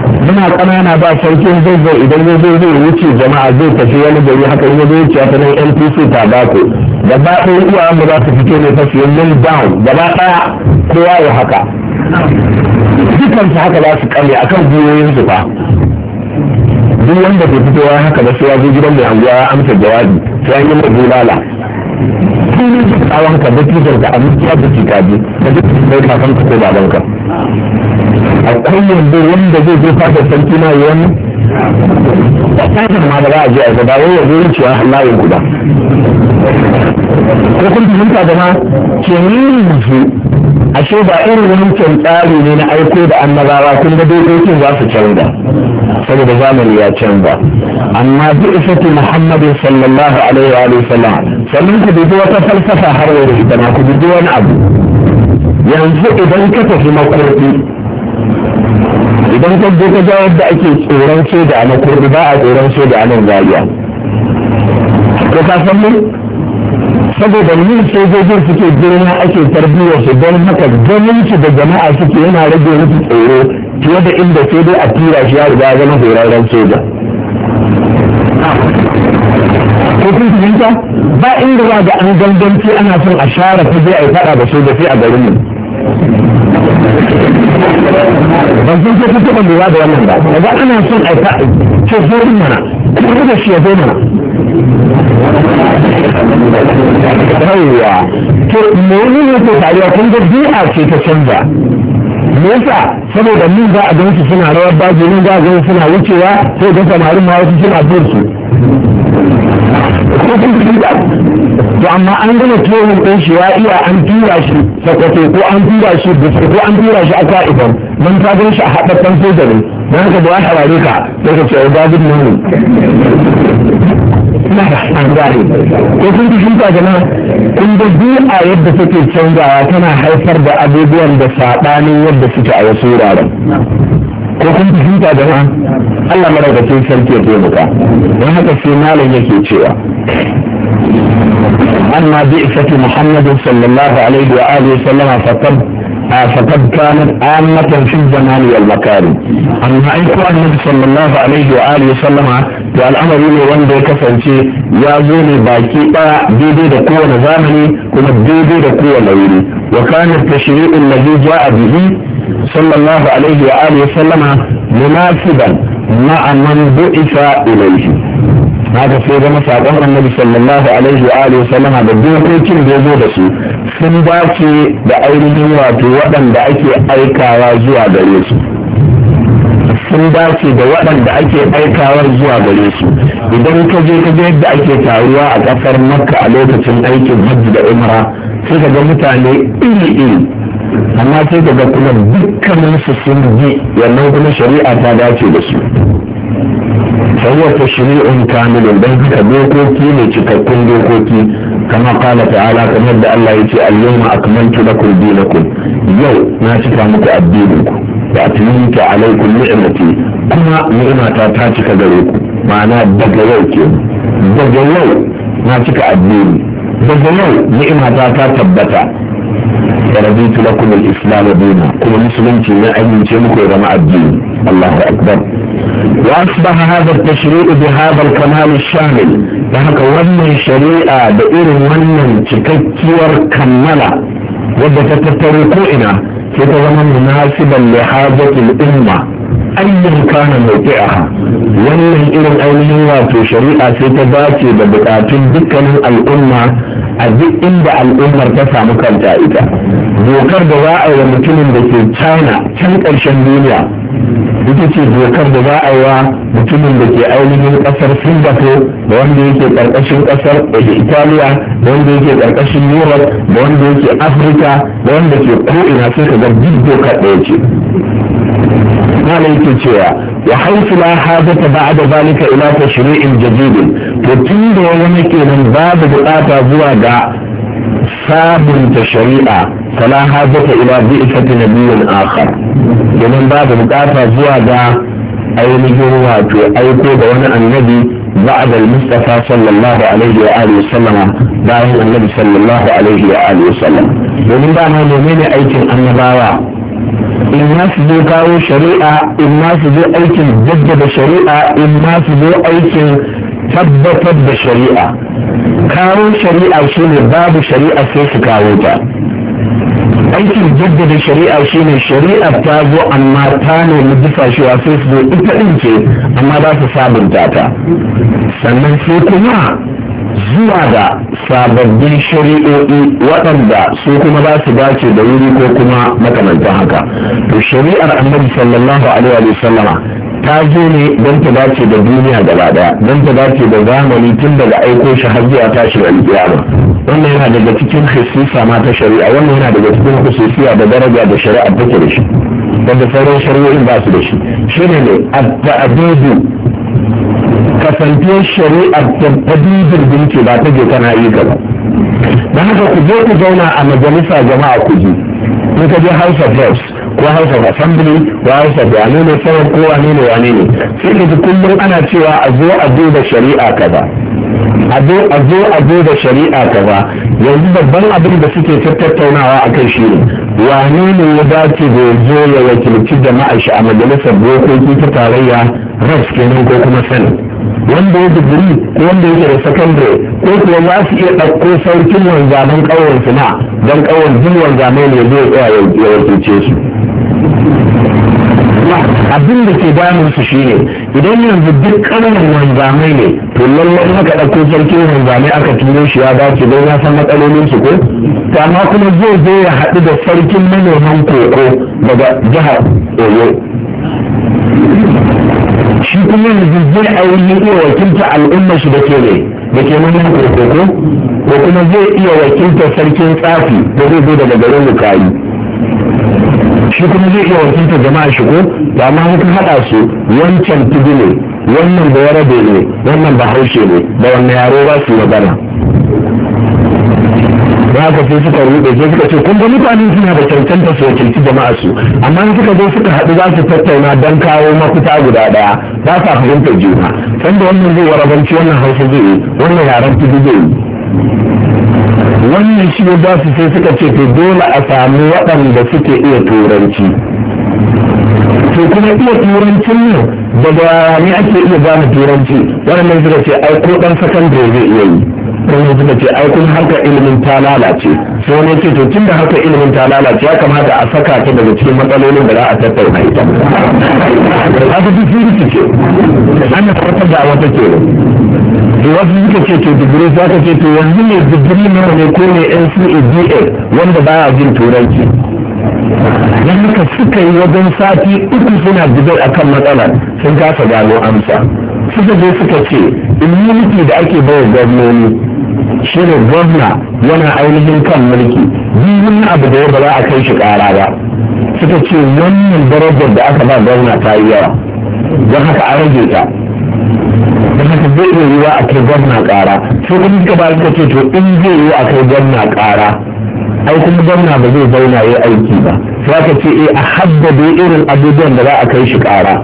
A: muna ƙanana ba sauke zai zai idan ya zai zai wuce jama'a zai tafi wani gari haka ya zai wuce ta nan npc da gaba ɗaya uwa mu za su fito ne ta su yi down gaba ɗaya kowa ya haka dukansu haka za su kame biyoyin su ba duk wanda ke fitowa haka da sai ya zo gidan mai anguwa ya amsa jawabi sai an yi mai bulala kullum ka tsawon ka da tutar ka a mutuwa da cikaji da duk mai kakan ka ko babanka a kan yanzu wanda zai je fata sarki na yi wani fatan ma da za a je a gaba wai yanzu yin ciwa halayen guda ko kun fahimta gama kenan yanzu ashe ba irin wancan tsari ne na aiko da annabawa kun ga dokokin za su canza saboda zamani ya canza amma bi isati muhammadin sallallahu alaihi wa sallam sannan ku bi wata falsafa har wani ita ku bi wani abu yanzu idan ka tafi makurdi idan ka je ka ga yadda ake tsoron soja a makurdi ba a tsoron soja a nan zariya ko ka san mu saboda yin sojojin suke girma ake tarbiyyar su don haka ganin su da jama'a suke yana rage musu tsoro fiye da inda sai dai a tura shi ya riga zama horarren soja ko kun fahimta ba inda za ga an ganganci ana son a share ta je a yi fada da soja sai a garin mu ban zan sai kuka ban lura da wannan ba daga ana son aika ce zo din mana kuma da shi ya zo mana yawwa to mene ne ke faruwa kun ga bi'a ce ta canza me yasa saboda mun za a gansu suna rawar daji mun za a gansu suna wucewa sai ga samarin ma wasu suna bin su ko to amma an gama training ɗin shi ya iya an tura shi sakwato ko an tura shi bisu ko an tura shi a ka'ifan don ta gan shi a haɗaɗɗen soja ne don haka da ya harare ka sai ka ce o babin nan ne ko sun fi shuka jama'a kun ga a yadda suke canzawa tana haifar da abubuwan da saɓanin yadda suke a wasu
B: wuraren
A: ko kun fahimta jama'a Allah madaukakin sarki ya taimaka don haka sai malam yake cewa أما بئسة محمد صلى a عليه وآله وسلم فقد فقد كانت عامة في الزمان والمكان أما أيكو النبي صلى الله عليه وآله وسلم al'amari ne wanda ya kasance ya zo ne baki ɗaya daidai da kowane zamani kuma daidai da kowane wuri wa kana tashri'u allazi ja'a bihi صلى الله عليه وآله وسلم مناسبا مع من بعث إليه هذا سيد مساق أمر النبي صلى الله عليه وآله وسلم بدون حكم بوجود شيء sun dace da su wato waɗanda su sun dace da waɗanda ake aikawa zuwa gare su idan kaje je ka yadda ake taruwa a ƙasar makka a lokacin aikin hajji da umara sai ga mutane iri iri amma sai daga kuma dukkanin su sun yi wannan kuma shari'a ta dace da su fawwa ta shari'un kamilun don haka dokoki ne cikakkun dokoki kama kala ta'ala kamar da Allah ya ce al akmaltu lakum dinakum yau na cika muku addininku wa atmamtu alaykum ni'mati kuma ni'mata ta cika gare ku ma'ana daga yau ke daga yau na cika addini daga yau ni'mata ta tabbata ورضيت لكم الإسلام دينا كل مسلم في نعم يمكنكم رمى الدين الله أكبر وأصبح هذا التشريع بهذا الكمال الشامل فهك ون شريعة بئر ون تكتور كملة ودى تتركوئنا تتظن مناسبا لحاجة الأمة أيا كان موقعها ون إلى الأولين واتو شريعة تتباتي ببقات دكا الأمة a duk inda al'ummar ta samu kanta ita dokar da za a yi mutumin da ke china can ƙarshen duniya ita ce dokar da za a yi mutumin da ke ainihin ƙasar singapore da wanda yake ƙarƙashin ƙasar italiya da wanda yake ƙarƙashin europe da wanda yake afirka da wanda ke ko'ina sai ka ga duk dokar ɗaya ce malam yake cewa wa haifu la hadata ba'da zalika ila tashri'in jadidin to tun da ya zama kenan babu bukata zuwa ga sabunta shari'a fala hajjata ila bi'fati nabiyyin akhar domin babu bukata zuwa ga ainihin wato aiko da wani annabi بعد المصطفى صلى الله عليه وآله وسلم باين النبي صلى الله عليه وآله وسلم domin ba ma menene aikin annabawa in ma su zo kawo shari'a in ma su zo aikin jaddada shari'a in zo aikin tabbatar da shari'a kawo shari'a shine babu shari'a sai su kawo ta aikin jaddada shari'a shine shari'a ta zo amma ta nemi dufashewa sai su zo ita ɗin ce amma ba su sabunta ta sannan sai kuma zuwa da sababbin shari'o'i waɗanda su kuma ba su dace da wuri ko kuma makamantan haka to shari'ar annabi sallallahu alaihi wa sallama ta zo ne don ta dace da duniya gaba daya don ta dace da zamani tun daga aiko shi har zuwa tashi da alƙiyama wannan yana daga cikin hisisa ma ta shari'a wannan yana daga cikin hususiya da daraja da shari'a ke da shi wanda sauran shari'o'in ba su da shi shi ne ne at-ta'didu kasantuwar ta tabbidin binci ba ta je kana yi gaba don haka ku je ku zauna a majalisa jama'a ku je in ka je house of reps ko house of assembly ko house of wane ne sabon ko wane ne wane ne sai ka kullum ana cewa a zo a duba shari'a kaza a zo a zo a duba shari'a kaza yanzu babban abin da suke tattaunawa a kai shi ne wane ne ya dace da ya zo ya wakilci jama'a shi a majalisar dokoki ta tarayya rafs kenan ko kuma sanin wanda ya digiri ko wanda yake da sakandare ko kuwa za su iya ɗauko saukin wanzaman ƙauyen suna don ƙauyen duk wanzamai ne zai tsaya ya wakilce su abin da ke damun su shine idan yanzu duk ƙarin wanzamai ne to lallai haka ɗauko sarkin wanzamai aka turo shi ya dace don ya san matsalolin su ko ta ma kuma zai zo ya haɗu da sarkin manoman koko daga jihar oyo shi kuma yanzu zai auri iya wakilta al'ummar shi da ke ne da ke manoman koko ko kuma zai iya wakilta sarkin tsafi da zai zo daga garin lukayi shi kuma zai iya wakiltar jama'a shigo da amma an haɗa su wancan tudu ne wannan da yarabe ne wannan ba bahaushe ne da wannan yaro ba su magana ba ka sai suka rube sai suka ce kun ga suna da cancanta su wakilci jama'a su amma in suka zo suka haɗu za su tattauna don kawo mafita guda ɗaya ba sa fahimtar juna sanda wannan zai warabanci wannan hausa zai yi wannan yaren tudu zai yi wannan shi ne ba su sai suka ce to dole a samu waɗanda suke iya turanci to kuma iya turancin ne daga ne ake iya gane turanci waɗannan suka ce ai ko ɗan sakandare zai iya yi wani suka ce ai kun harka ilimin ta lalace sai wani ce to tun da harka ilimin ta lalace ya kamata a saka ta daga cikin matsalolin da za a tattauna ita haka duk ce da wata ke da wasu suka ce to digiri za ka ce to yanzu ne digiri nawa ne ko ne NCADA wanda ba a jin turanci don haka suka yi wajen sati uku suna a akan matsalar sun kasa gano amsa suka je suka ce immunity da ake bawa gwamnoni shi ne gwamna yana ainihin kan mulki na abu da ya ba za a kai shi kara ba suka ce wannan darajar da aka ba gwamna ta yi yawa don haka a rage ta don haka zai iya yiwa a kai gwamna ƙara sai kuma suka bayar ka ce to in zai yiwa a kai gwamna ƙara ai kuma gwamna ba zai zauna ya aiki ba sai aka ce eh a haddade irin abubuwan da za a kai shi ƙara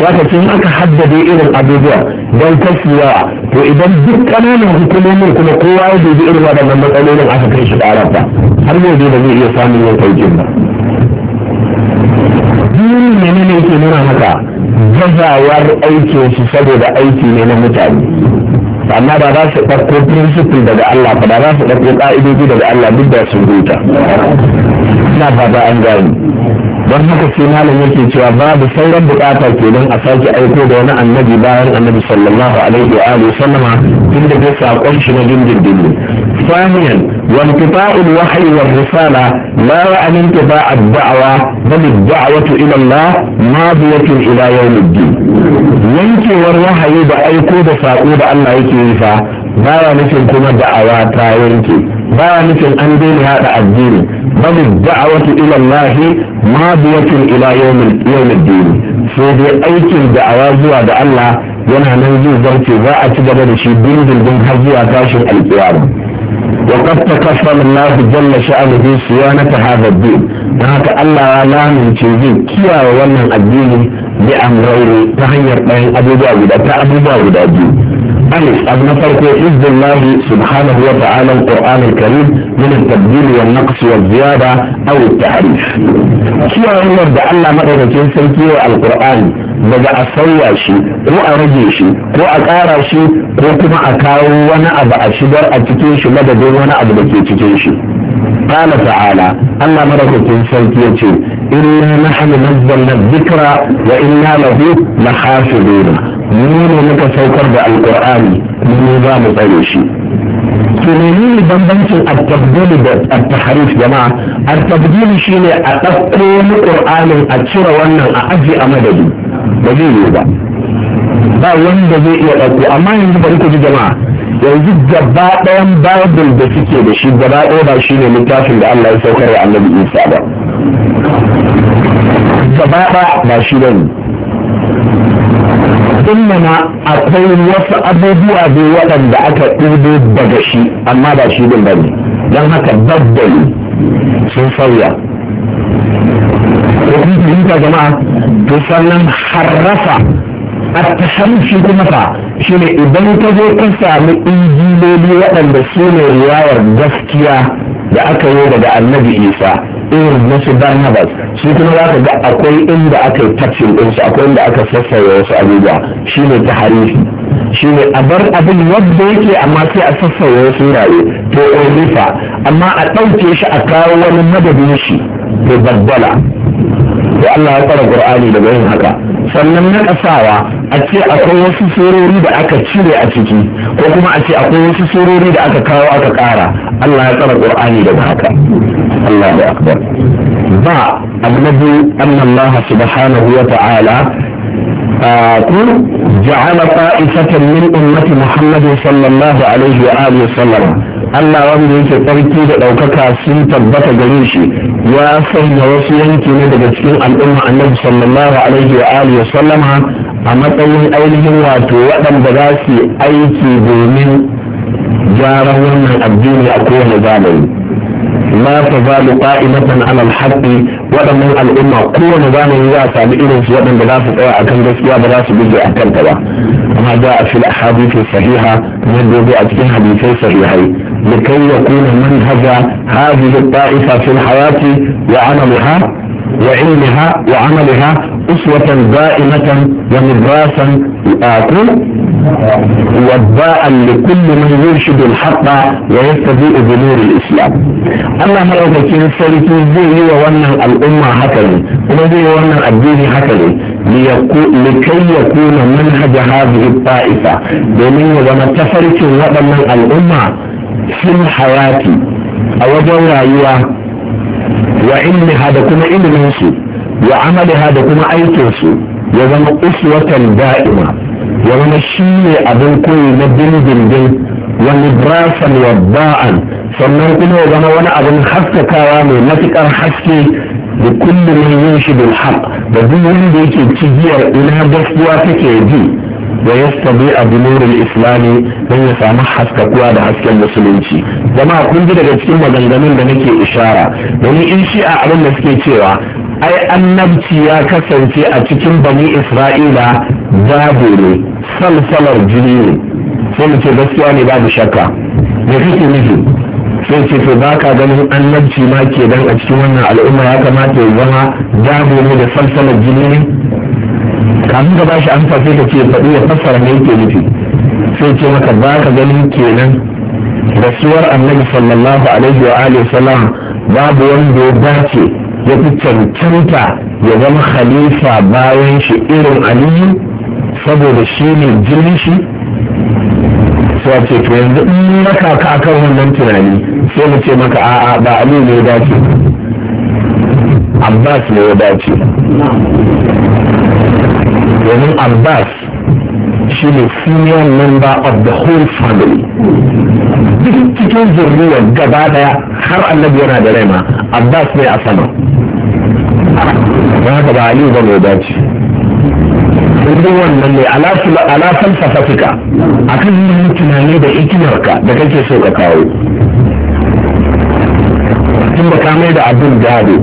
A: zaka ce in aka haddade irin abubuwa don kasuwa to idan duk kananan hukumomin kuma kowa ya dubi irin waɗannan matsalolin aka kai shi ƙarar ba har yau dai ba zai iya samun yin kai ba addini ne ne yake nuna maka gazawar aikin shi saboda aiki ne na mutane amma ba za su ɗauko principle daga Allah ba za su ɗauko ƙa'idoji daga Allah duk da sun rubuta na ba an gani don haka sai malam yake cewa babu sauran bukata kenan a sake aiko da wani annabi bayan annabi sallallahu alaihi wa alihi sallama tun da sakon shi na dindindin fahimiyar وانقطاع الوحي والرسالة لا يعني انقطاع الدعوة بل الدعوة إلى الله ماضية إلى يوم الدين ينكي والوحي دا أيكو دا ساقو دا الله يكيفا بايا نفن كما دعوة تا ينكي بايا نفن أن دين هذا الدين بل الدعوة إلى الله ماضية إلى يوم, يوم الدين سيدي أيكي الدعوة زوا دا الله yana nan zai zarce za a ci gaba da shi dindindin har zuwa tashin alkiyama وقد تكفل الله جل شأنه صيانة هذا الدين هناك الله لا من تنزيل كيا ولا الدين بأمرين تغير بين أبو داود أبو داود الدين ألف فرق حفظ الله سبحانه وتعالى القرآن الكريم من التبديل والنقص والزيادة أو التحريف. كيا عمر ده الله مرة سيكيه القرآن daga a sauya shi ko a rage shi ko a ƙara shi ko kuma a kawo wani abu a shigar a cikin shi madadin wani abu da ke cikin shi قال تعالى الله مركتين سيكيتي إنا نحن نزلنا الذكر وإنا له لحافظون من لك سيكر بالقرآن نظام طيشي tunani ne bambancin al-tabdil da al-tahrif jama'a al-tabdil shine a ɗauko ni a cire wannan a aji a madadi ba zai yi ba ba wanda zai iya ɗauko amma yanzu bari ku ji jama'a yanzu gaba ɗayan bible da suke da shi gaba ɗaya ba shi ne littafin da Allah ya saukar da annabi Isa ba gaba ba shi bane innama akwai wasu abubuwa da waɗanda aka ɗibo daga shi amma ba shi din bane don haka babbali sun sauya ko kun jama'a to sannan harrafa a tahamshi kuma fa shi ne idan ka zo ka sami injiloli waɗanda su ne riwayar gaskiya da aka yi daga annabi isa irin na su barnabas shi kuma za ka ga akwai inda aka yi tafsir ɗinsu akwai inda aka sassauya wasu abubuwa shi ne ta harifi shi ne a bar abin wadda yake amma sai a sassauya wasu raye to orifa amma a ɗauke shi a kawo wani madadin shi to baddala to Allah ya tsara Qur'ani daga yin haka sannan na kasawa a ce akwai wasu surori da aka cire a ciki ko kuma a ce akwai wasu surori da aka kawo aka kara Allah ya tsara Qur'ani daga haka Allah da akbar ba annabi annallaha subhanahu wa ta'ala يقول جعل طائفة من أمة محمد صلى الله عليه وآله وسلم Allah wanda yake tsarki da ɗaukaka sun tabbata gare shi يا فهم وصيهم كما تذكر الأمة النبي صلى الله عليه وآله وسلم أما تقول أوله واتو وأدم بغاسي أيكي بومن جاره من الدين أقوه ذالي ما تزال قائمة على الحق وأدم الأمة قوة ذالي يا سابقين وأدم بغاسي قوة أكم بس يا بغاسي بجي أكم كوا أما جاء في الأحاديث الصحيحة من بوضع تكين حديثي صحيحي لكي يكون منهج هذه الطائفة في الحياة وعملها وعلمها وعملها أسوة دائمة ومدراسا آكل آه، وباء لكل من يرشد الحق ويستضيء بنور الإسلام أما ما يتكين سلكي زي وونا الأمة هكذا وزي وونا الدين هكذا لكي يكون منهج هذه الطائفة بمن وما تفرق وضمن الأمة fil hayati a wajen rayuwa wa ilmiha da kuma iliminsu wa amaliha da kuma aikinsu ya zama uswatan da'ima ya zama shi ne abin koyi na dindindin wani brasan wa ba'an sannan kuma ya zama wani abin haskakawa mai matuƙar haske da kullum yin shi bil haq da duk wanda yake cigiyar ina gaskiya take ji wa yastabi'a bi nuril islami don ya samu haskakuwa da hasken musulunci zama kun ji daga cikin maganganun da nake ishara domin in shi'a abin da suke cewa ai annabci ya kasance a cikin bani isra'ila babu ne salsalar jini ne sai mu ce gaskiya ne babu shakka me kake nufi sai ce to baka ganin annabci ma ke dan a cikin wannan al'umma ya kamata ya zama dabo ne da salsalar jini ne kafin ka bashi an sai ka ce faɗi ya fassara me yake nufi sai ce maka ba ka ganin kenan rasuwar annabi sallallahu alaihi wa alihi babu wanda ya dace ya fi cancanta ya zama khalifa bayan shi irin aliyu saboda shi ne jinin shi sai ce to yanzu in na kaka akan wannan tunani sai mu ce maka a'a ba aliyu ne ya dace abbas ne ya
B: dace
A: domin abbas shi ne senior member of the whole family duk cikin zurriya gaba daya har annabi yana da rai ma abbas ne a sama ba ka ba aliyu ba mai dace duk wannan ne ala fasafika a kan yi tunani da ikimarka da kake so ka kawo tun da ka mai da abin gado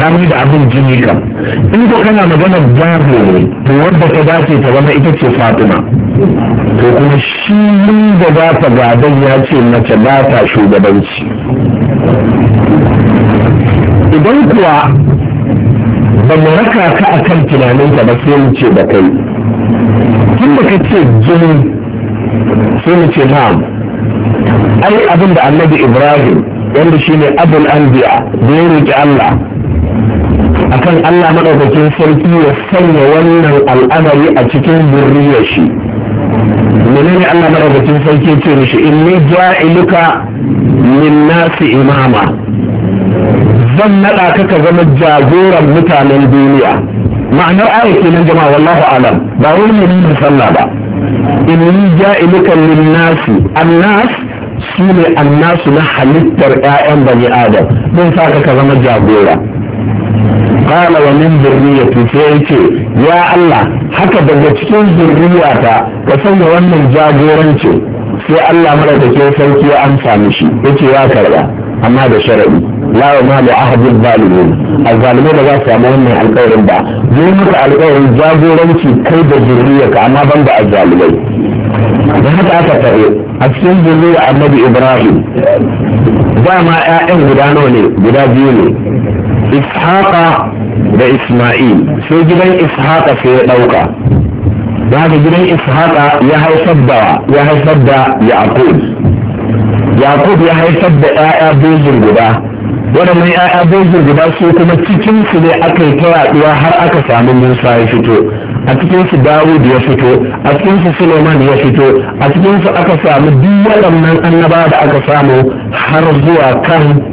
A: ka mai da abin jini kan in ko kana magana babu to wadda ta dace ta zama ita ce fatima to kuma shi da za ta gadon ya ce mace ba ta shugabanci idan kuwa ba mu raka ka a kan tunaninka ba sai mu ce da kai tun da ka ce jini sai mu ce na'am ai abin da annabi ibrahim wanda shine abul anbiya da ya roƙi allah akan Allah maɗaukakin sarki ya sanya wannan al'amari a cikin zurriyar shi menene Allah maɗaukakin sarki ya ce mishi inni ja'iluka min nasi imama zan naɗa ka ka zama jagoran mutanen duniya ma'anar ayat kenan jama'a wallahu alam ba wani ne sallah ba inni ja'iluka lin nasi annas su ne annasu na halittar 'ya'yan bani adam mun sa ka zama jagora قال ومن ya allah haka الله cikin بجتين ka sanya wannan jagoranci sai Allah madaukakin sarki ya amsa mishi yace ya karba amma da sharadi la wa ma li ahadin zalimin azzalime ba za su samu wannan alƙawarin ba zai muka alƙawarin jagoranci kai da zuriyarka amma ban da azzalimai da haka aka tare a cikin zuriyar annabi Ibrahim dama 'ya'yan guda nawa ne guda biyu ne ishaqa da isma'il sai gidan ishaqa sai ya ɗauka da gidan ishaqa ya haifar da ya haifar da yaqub yaqub ya haifar da ƴaƴa bejin guda waɗannan ƴaƴa bejin guda su kuma cikin su ne akai yi ta yaduwa har aka samu musa ya fito a cikin su dawud ya fito a cikin su suleiman ya fito a cikin su aka samu duk waɗannan annaba da aka samu har zuwa kan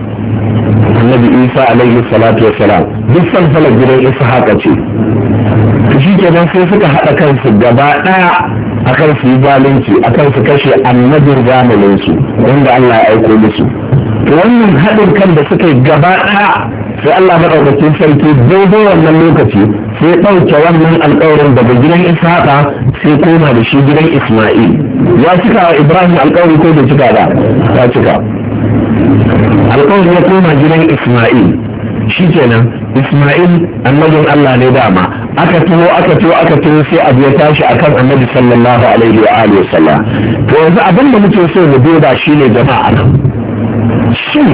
A: annabi isa alaihi salatu wa salam duk salsalar gidan haka ce shi kenan sai suka haɗa kansu gaba ɗaya akan su yi zalunci akan su kashe annabin zamaninsu wanda allah ya aiko musu to wannan haɗin kan da suka yi gaba ɗaya sai allah maɗaukakin sarki daidai wannan lokaci sai ɗauke wannan alƙawarin daga gidan ishaƙa sai koma da shi gidan isma'il ya cika wa ibrahim alƙawari ko da cika ba ya cika alƙawari ya koma gidan isma'il shi kenan isma'il annabin allah ne dama aka tuwo aka tuwo aka tuwo sai abu ya tashi akan annabi sallallahu alaihi wa alihi wasallam to yanzu abin da muke so mu duba ne jama'a nan shin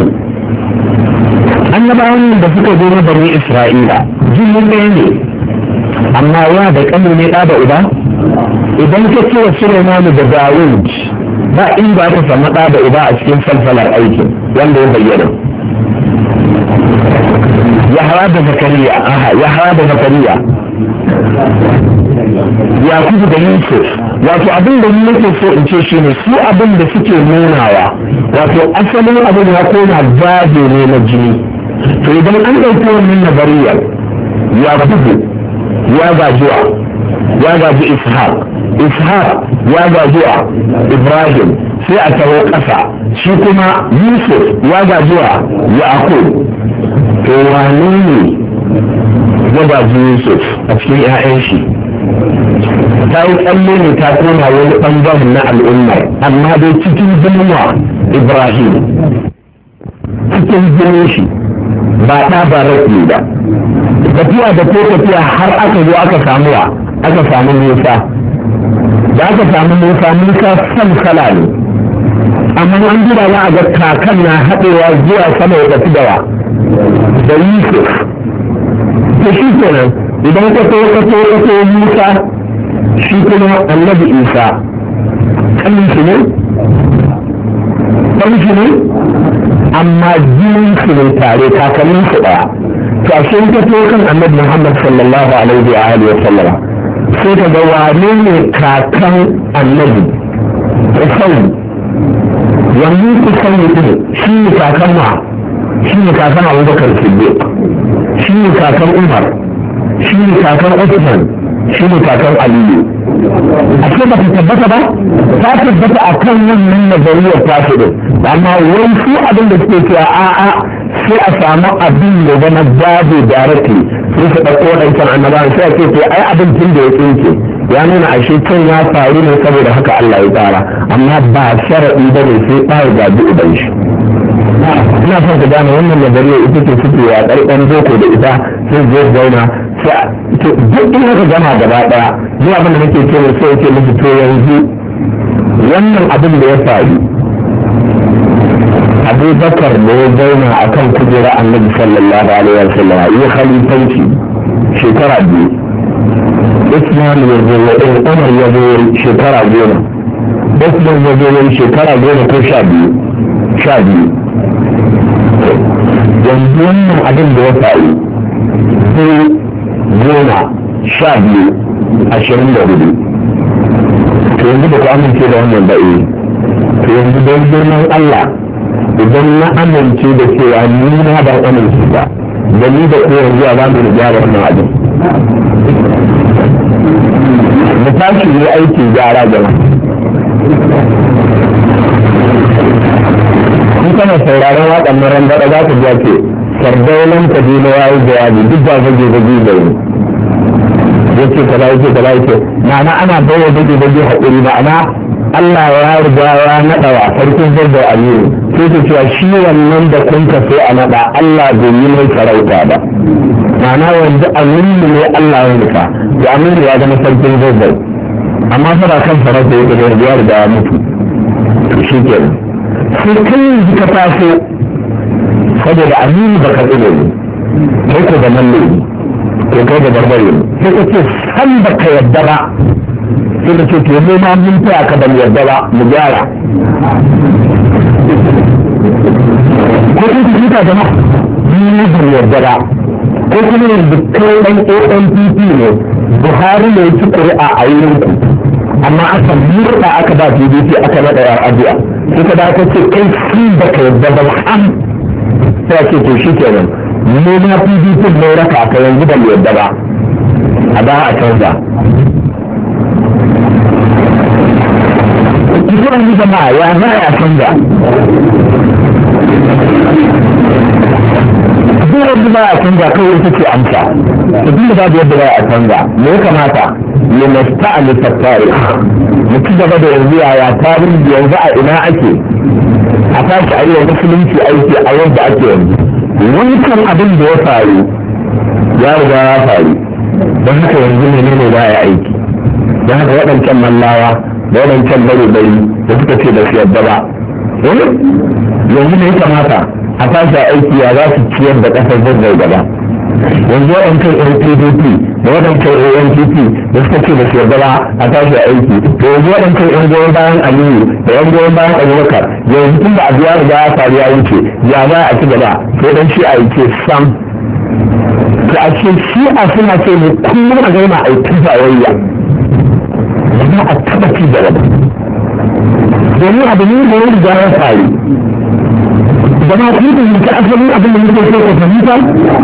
A: annabawan da suka zo na bani isra'ila jinin ne amma ya da kanu ne da da uba idan ka cire Sulaimanu da Dawud ba in ba ka samu da uba a cikin falfalar aikin wanda ya bayyana yahra da zakariya aha yahra da zakariya ya kudu da yusuf wato abin da nake so in ce shine su abin da suke nunawa wato asalin abin ya koma zabe ne na jini to idan an ɗauki wannan nabariyar ya kudu ya gajuwa ya gaji ishaq ishaq ya gajuwa ibrahim sai a taho ƙasa shi kuma yusuf ya gajiwa ya ako to wane ne ya gaji yusuf a cikin 'ya'yan shi ta yi tsalle ne ta kuma wani ɓangaren na al'umma amma dai cikin zulma ibrahim cikin zulmin shi ba ɗa ba rafi ba tafiya da ko tafiya har aka zo aka samu aka samu nisa da aka samu nisa nisa san kala ne amma an duba za a ga kakan na haɗewa zuwa sama ya tafi dawa da yusuf to shi kenan idan ka so ka so ka so musa shi kuma annabi isa kanin shi ne ɗan ne amma jinin su ne tare kakannin su ɗaya to a shi ka so kan annabi muhammad sallallahu alaihi wa alihi wa sallama sai ka ga wane ne kakan annabi usaini yanzu kusan mutum shi ne kakan ma shi ne kakan abubakar siddiq shi ne kakan umar shi ne kakan usman shi ne kakan aliyu a ce ba ta tabbata ba ta tabbata a kan wannan nazariyar ta su din amma wai su abin da suke cewa a'a sai a samu abin da zama babu da directly sai su ɗauko waɗancan annabawan sai a ce ai abin tun da ya tsinke ya nuna ashe can ya faru ne saboda haka Allah ya tsara amma ba sharaɗi ba ne sai ɓaya ga bi uban shi ina son ku gane wannan nazariya ita ce suke yaƙar ɗan boko da ita sai zo zauna duk in ka gama gaba ɗaya zuwa abin da nake ce sai ya ce musu to yanzu wannan abin da ya faru abubakar da ya zauna a kan kujera annabi sallallahu alaihi wasallam ya khalifanci shekara biyu usman ya zo ya ɗaya umar ya zo shekara goma usman ya zo ya shekara goma ko sha biyu sha biyu yanzu wannan abin da ya faru ko goma sha biyu ashirin da hudu to yanzu ba ku amince da wannan ba eh to yanzu don girman Allah idan na amince da cewa ni na ba amince ba da ni da ko yanzu a zamu gyara wannan abin mu tashi ne aiki gyara gaba in kana sauraron waƙan maran daɗa za ka ji ake sardaunan kaduna ya yi jawabi duk ba zage zage da yi yake kaza yake kaza ke. ma'ana ana bawa zage zage haƙuri ma'ana Allah ya riga ya naɗa wa sarkin zarda aliyu sai ta cewa shi wannan da kun kaso a naɗa Allah bai yi mai farauta ba ma'ana wanda a lullule Allah ya nufa da aminu ya zama sarkin zazzau amma fara kan da yake da yanzu da ya mutu to shi ke sai kai yanzu ka taso saboda aminu baka tsire ne kai ko da nan ne ko kai da barbare ne sai ka ce san ka yadda ba sai ka ce to mu ma mun taya ka ban yadda ba mu gyara ko kun ji ta jama'a ni ban yadda ba ko kuma yanzu kai ɗan ANPP ne Buhari ne ci ƙuri'a a yi ku amma aka murɗa aka ba PDP aka naɗa ya abuwa suka da aka ce kai shi ba ka yadda ba am sai ce to shi kenan mu na PDP ne raka ka yanzu ba mu yadda ba a ba a canza kiran ni jama'a ya za a canza duk yadda za a canza kawai ita ce amsa to duk da babu yadda za a canza me ya kamata ya nasta a littattari mu ci gaba da yanzu yaya tarihi yanzu a ina ake a tashi a yi wa musulunci aiki a yadda ake yanzu wancan abin da ya faru ya riga ya faru don haka yanzu ne ne za a yi aiki don haka waɗancan mallawa da waɗancan bare bari da suka ce da su yadda ba eh? yanzu ne ya kamata a fasa aiki ya za su ciyar da ƙasar zai gaba yanzu waɗancan LPDP da kai ANPP da suka ce da su ba a tashi aiki to yanzu kai ƴan goyon bayan Aliyu da ƴan goyon bayan Abubakar yanzu tun da abu ya riga ya faru ya wuce ya za a ci gaba sai dan shi a yake sam to a ce shi a suna ce ne kullum a gaima a yi tafawayya ba a taba ci gaba domin abu ne da ya riga ya faru da ma kun fahimci asalin abin da muke so ku fahimta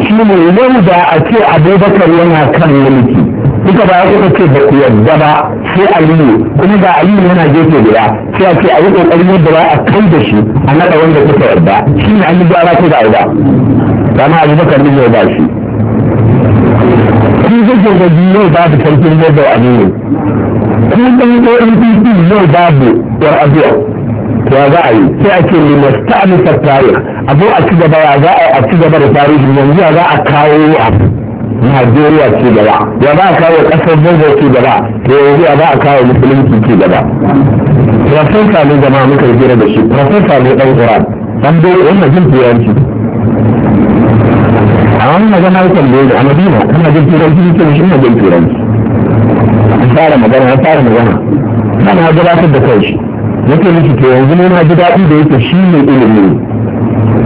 A: shi ne yau da a ce abubakar yana kan mulki duka ba ya kuka ce ba ku yarda ba sai aliyu kuma da aliyu yana gefe guda sai a ce a yi kokarin yadda ba a kai da shi a naɗa wanda kuka yarda shi ne an yi gyara ko da ma abubakar ne ya ba shi kun zai da yau babu sarkin yadda aliyu kun ɗan biyu ɗan yau babu yar abuwa ya za a yi sai ake ne musta'anisa tarih abu a ci gaba ya za a ci gaba da tarihi yanzu ya za a kawo a Najeriya ci gaba ya za a kawo kasar Bogo ci gaba to yanzu ya za a kawo musulunci ci gaba profesa ne jama'a muka yi da shi profesa ne dan Quran dan dole wannan jin turanci a wani magana ya tambaye ni a Madina kana jin turanci ne shi ina jin turanci an fara magana an fara magana ana gabatar da kai shi yake nufi to yanzu ne na ji daɗi da yake shi ne ilimi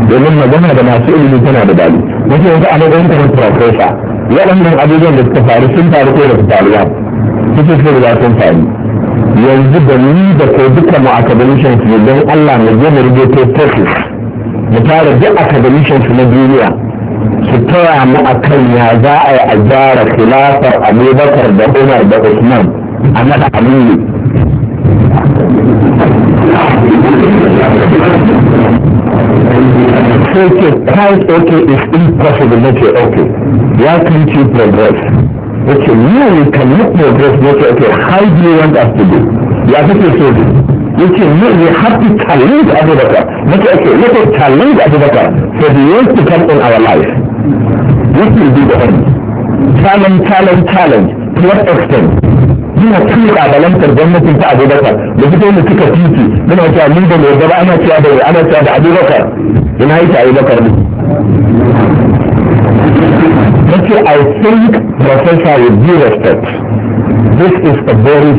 A: domin magana da masu ilimi tana da daɗi wata yanzu a matsayin ta profesa waɗannan abubuwan da suka faru sun faru ko da su faru ba suke so da sun faru yanzu da ni da ko duka mu academicians ne don Allah mu je mu rubuto thesis mu tara duk academicians na duniya su taya mu akan ya za a yi a gyara khilafar abubakar da umar da usman a naɗa aminu. So to okay is impossible, okay. Why can't you progress? Okay, no, we cannot progress, not okay, how do you want us to do? Ya kake so do? no, we have to challenge Abubakar. Not okay, let us challenge for the years to come in our life. What will be the end. Challenge, challenge, challenge. To what extent? muna cin kabalantar gwamnatin ta abubakar da fito mu suka titi muna cewa ni da mai gaba ana cewa da ana cewa da abubakar ina yake abubakar ne Nace, I think Professor with due respect, this is a very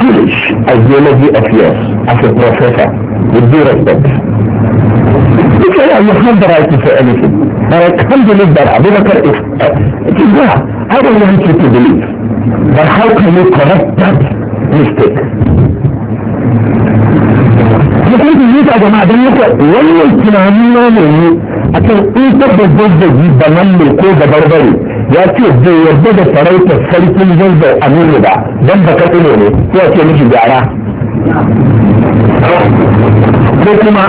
A: foolish ideology of yours as a professor with due respect. If you are, you have the right to say anything. But I can't believe that Abu Bakr is, uh, it is there. I don't want you to believe.
B: But how can you correct that mistake?
A: Mutum yi ta jama'a don yake wannan tunani na ne a kan in da zazzabi da nan ko da barbare ya ce bai yarda da sarautar sarkin zazzau a nuna ba don baka tsino ne ya ce miki gyara. Ko kuma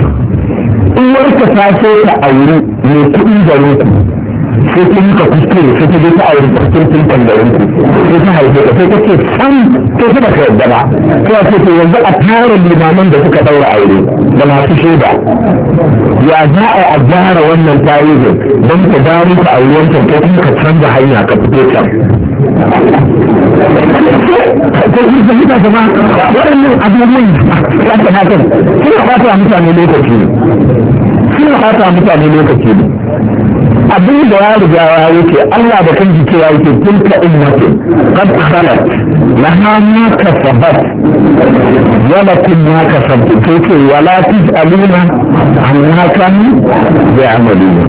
A: in wani ka sace ka auri mai kuɗin garin sai kun ka kuskure sai ta ta aure kuskure sun tambayin ku sai ta haife ka sai ta ce san to sai ka yarda ba to ce yanzu a tara limaman da suka daura aure da masu shaida ya za a gyara wannan tarihin don ka dawo ka aure wancan ko kuma ka canza hanya ka fito can ko kun san ita kuma waɗannan abubuwan ya ta hakan suna fata mutane lokaci ne suna fata mutane lokaci ne abin da ya riga ya wuce Allah da kan jike ya wuce tilka ummatu qad khalat laha ma kasabat wa lakum ma kasabtum sai ce wala taj'aluna amma kanu ya'maluna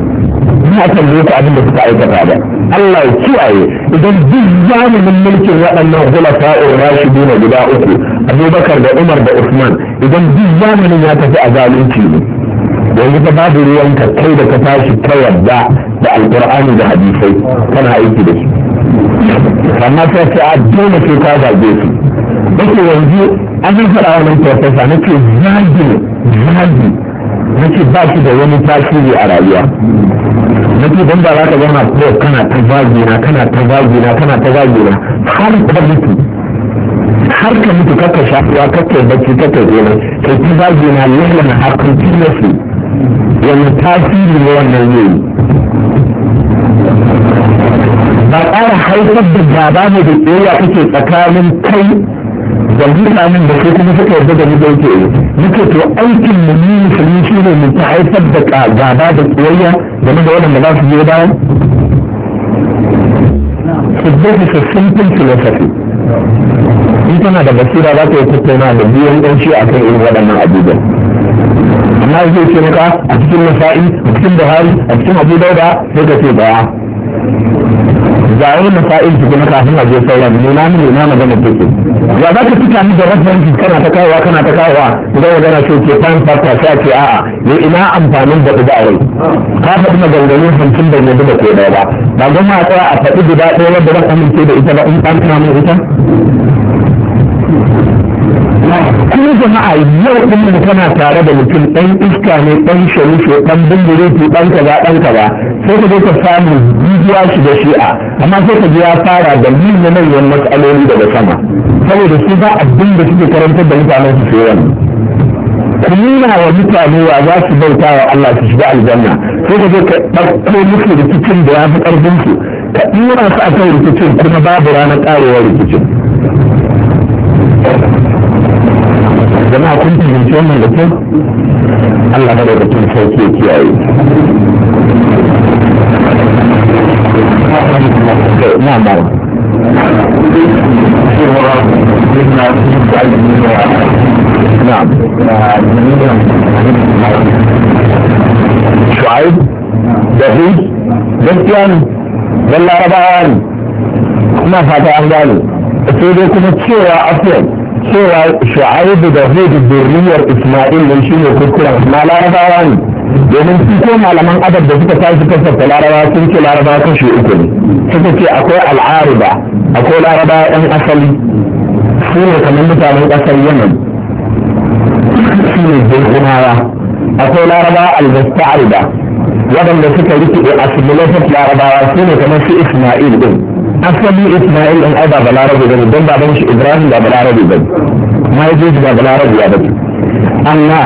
A: ba ta zo ta abin da suka aikata ba Allah ya kiyaye idan duk zamanin mulkin waɗannan hulafa'ur rashiduna guda uku Abubakar da Umar da Usman idan duk zamanin ya tafi a zalunci ne yanzu ka babu ruwanka kai da ka tashi ka yadda da alkur'ani da hadisai kana aiki da shi amma sai ce a ah, dole sai ka zage su dake yanzu an yi faɗa wannan profesa na ce zagi zagi na ce ba shi da wani tasiri a rayuwa na ce don ba za ka zama ko oh, kana ta zagi na kana ta zagi na kana ta zagi na har ka mutu har ka mutu kaka shafuwa kaka bacci kaka zina kai ta zagi na lalana har kan wani tasiri ne wannan yi ba ƙara haifar da gaba ne da tsoya kake tsakanin kai da mutanen da kai kuma suka yarda da mu ke yi muke to aikin mu ni musulmi shi ne mu ta haifar da gaba da ƙiyayya game da waɗanda za su je bayan su zai su simple philosophy in tana da basira za ta yi tattauna da biyan ɗanci a kan irin waɗannan abubuwan amma zai ce maka a cikin nasa'i a cikin buhari a cikin abu dauda sai ka ce daya zaɓen nasa'in su kuma kafin a je sauran nuna mini na magana take ya za ka fita ni da references kana ta kawowa kana ta kawowa idan magana ce ke time factor sai ce a'a ya ina amfanin da a rai ka faɗi maganganu hancin da yadda da ko ɗaya ba ba gwamna a tsaya a faɗi guda ɗaya wadda zan amince da ita ba in an samu ita kuma jama'a yau din mu tana tare da mutum ɗan iska ne ɗan sharife ɗan bindiritu ɗan kaza ɗan kaza sai ka ka samu bidiya shi da shi'a amma sai ka ji ya fara da na manyan matsaloli daga sama saboda su ba abin da suke karantar da mutanen su sai wani ku nuna wa mutane wa za su bauta wa Allah su shiga aljanna sai ka je ka ɗauko musu rikicin da ya fi ƙarfin su ka ɗora su a kan rikicin kuma babu ranar ƙarewar rikicin jama'a kun fahimci wannan da kyau Allah ba da batun sauki ya kiyaye na ba نعم شعيب داود دكتور بل عربان ما فاتح أهلاله sai dai kuma cewa afiyar cewa shu'aibu da zai hudu zurriyar isma'il ne shine kuskuren ma larabawa ne domin su ko malaman adab da suka tashi kasafta larabawa sun ce larabawa kashe uku ne suka ce akwai al'ariba akwai larabawa yan asali su ne kamar mutanen ƙasar yaman su ne jirginawa akwai larabawa albasta'arida waɗanda suka rikide assimilated larabawa su ne kamar su isma'il din asali isma'il in ai ba balarabe bane don baban shi ibrahim ba balarabe bane mahaifin shi ba balarabe ya bane amma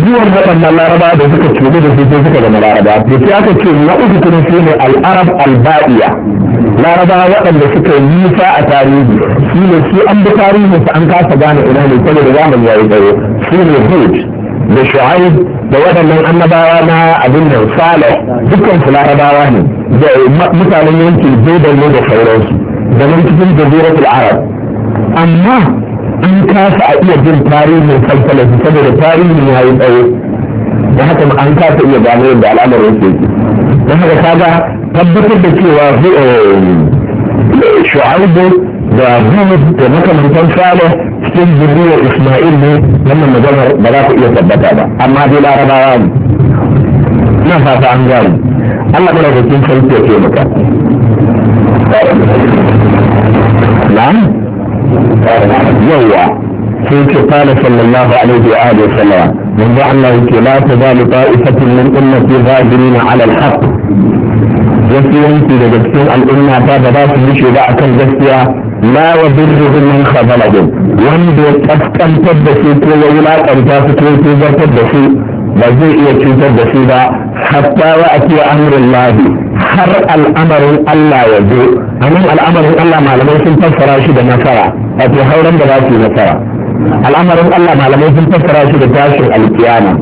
A: zuwan waɗannan laraba da suka cuɗu da sai suka zama laraba da sai aka ce na uku kuma shi ne al'arab alba'iya laraba waɗanda suka yi nisa a tarihi shi ne su an bi tarihin su an kasa gane ina ne saboda zamani ya yi tsaye shi ne hud da shu'aib da waɗannan annabawa na abin nan salih dukkan su larabawa ne مثلا يمكن بيضا ويضا خيرات ده ممكن جزيرة العرب اما ان كاس اي جن تاري من فلسلة بسبب تاري من هاي الاوي ده حتى ما ان كاس اي جانير ده الامر يسيك ده هذا كاجا تبت بكي وفي شعيب ده غير تنكا من تنساله في الجنية اسماعيل دي لما مجمع بلاك اي تبتها ده اما دي العربان na fata an gani Allah mana da kin sarki ya ce maka na'am yawa sai ce kala sallallahu alaihi wa alihi sallama yanzu Allah yake la tazalu ta'ifatun min ummati zahirina ala al-haqq wasu yanki daga cikin al'umma ta ba za su wuce ba akan gaskiya la wa birruhum man khazalahum wanda ya kaskantar da su ko ya wulakanta su ko ya tuzartar da su ba zai iya cutar da su ba حتى يأتي امر الله حر الامر الا يجو امر الامر الا ما لم يكن تفرا شد نفرا اتي حولا دلاتي نفرا الامر الا ما لم يكن تفرا شد تاشر القيامة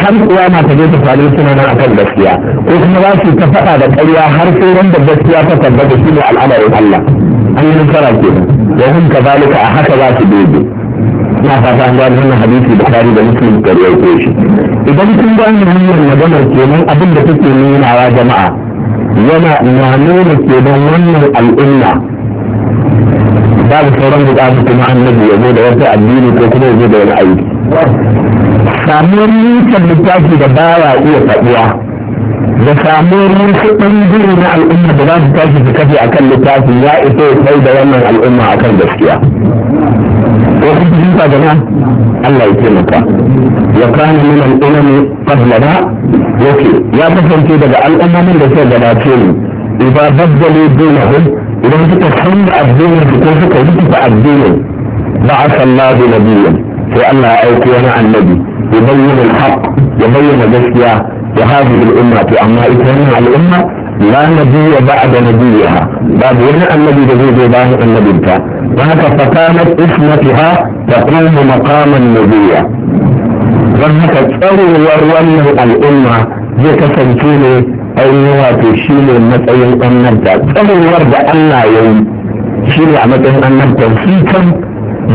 A: خمس قيامة تجد فعليتنا ما اكل بسيا وكما واسي تفقى دقيا حرفي رند بسيا فتبدو سنو الامر الا ان ينفرا كده وهم كذلك احكى واسي بيدي na fata an gano wannan hadisi da kari da muslim da rawaito shi idan kun ga wannan hanyar maganar kenan abin da take nunawa jama'a yana na nuna kenan wannan al'umma babu sauran buƙatu kuma annabi ya zo da wata addini ko kuma ya zo da wani aiki samuwar nisan littafi da baya iya faɗuwa da samuwar wasu ɓangare na al'umma da za su tashi su kafe akan littafi ya isa ya sai da wannan al'umma akan gaskiya الله يكرمك وكان من الأمم قبلنا يوكي يا مثلا كده الأمم اللي كده لكن إذا بدلوا دينهم إذا أنت تحمل الدين تكون فكرة تدفع الدين بعث الله نبيا في الله أوكي مع النبي يبين الحق يبين الجسيا لهذه الأمة أما إذا الأمة la nabiya ba'da nabiyaha babu wani annabi da zai zo bayan annabin ta wa haka fakanat ismatuha taqumu maqaman nabiyya wa haka tsarewar wannan al'umma zai kasance ne ainihin wato shi ne matsayin annabta tsarewar da Allah ya yi shi ne a matsayin annabta shi can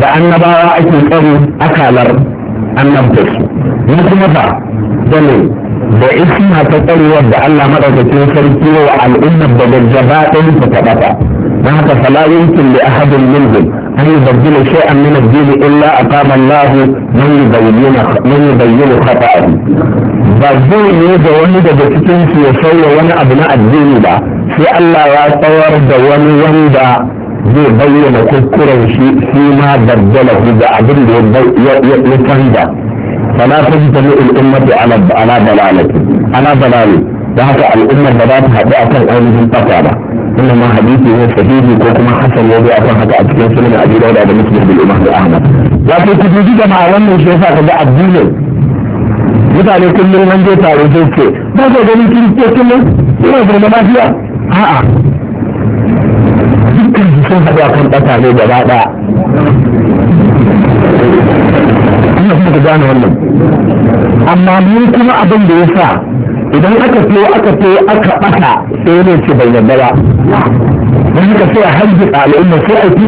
A: da annabawa ake tsaro akalar annabta su ne kuma ba da ne da isma ta tsarewar da Allah madaukakin sarki wa al'ummar da gaba ɗin ta taɓata don haka fala yankin da ahadin minhum an yi babbila shay'an min addini illa aqama Allah man yubayyana man yubayyana khata'a ba zai ne da wani daga cikin su ya sauya wani abu na addini ba sai Allah ya tsawar da wani wanda zai bayyana kuskuren shi shi ma babbala da abin da ya canza فلا تجتمع الأمة على على ضلالة على ضلالة ذاك الأمة بدأت هذا أكل أول من تقارا إنما حديثه صحيح وكما حسن يبي أكل هذا أكل أبي داود هذا مسلم بالأمة لكن تجدي جماعة من الشيخ هذا عبدين كل من من جاء وجدت ما هذا من كل شيء كله ما هذا من ها dukkan sun haɗu kan ɗasa ne gaba ɗaya ina kuma ka gane wannan amma mun kuma abin da ya sa idan aka fiye aka fiye aka ɓata sai ne ce bai yadda ba don haka sai a hanji al'umma sai a fi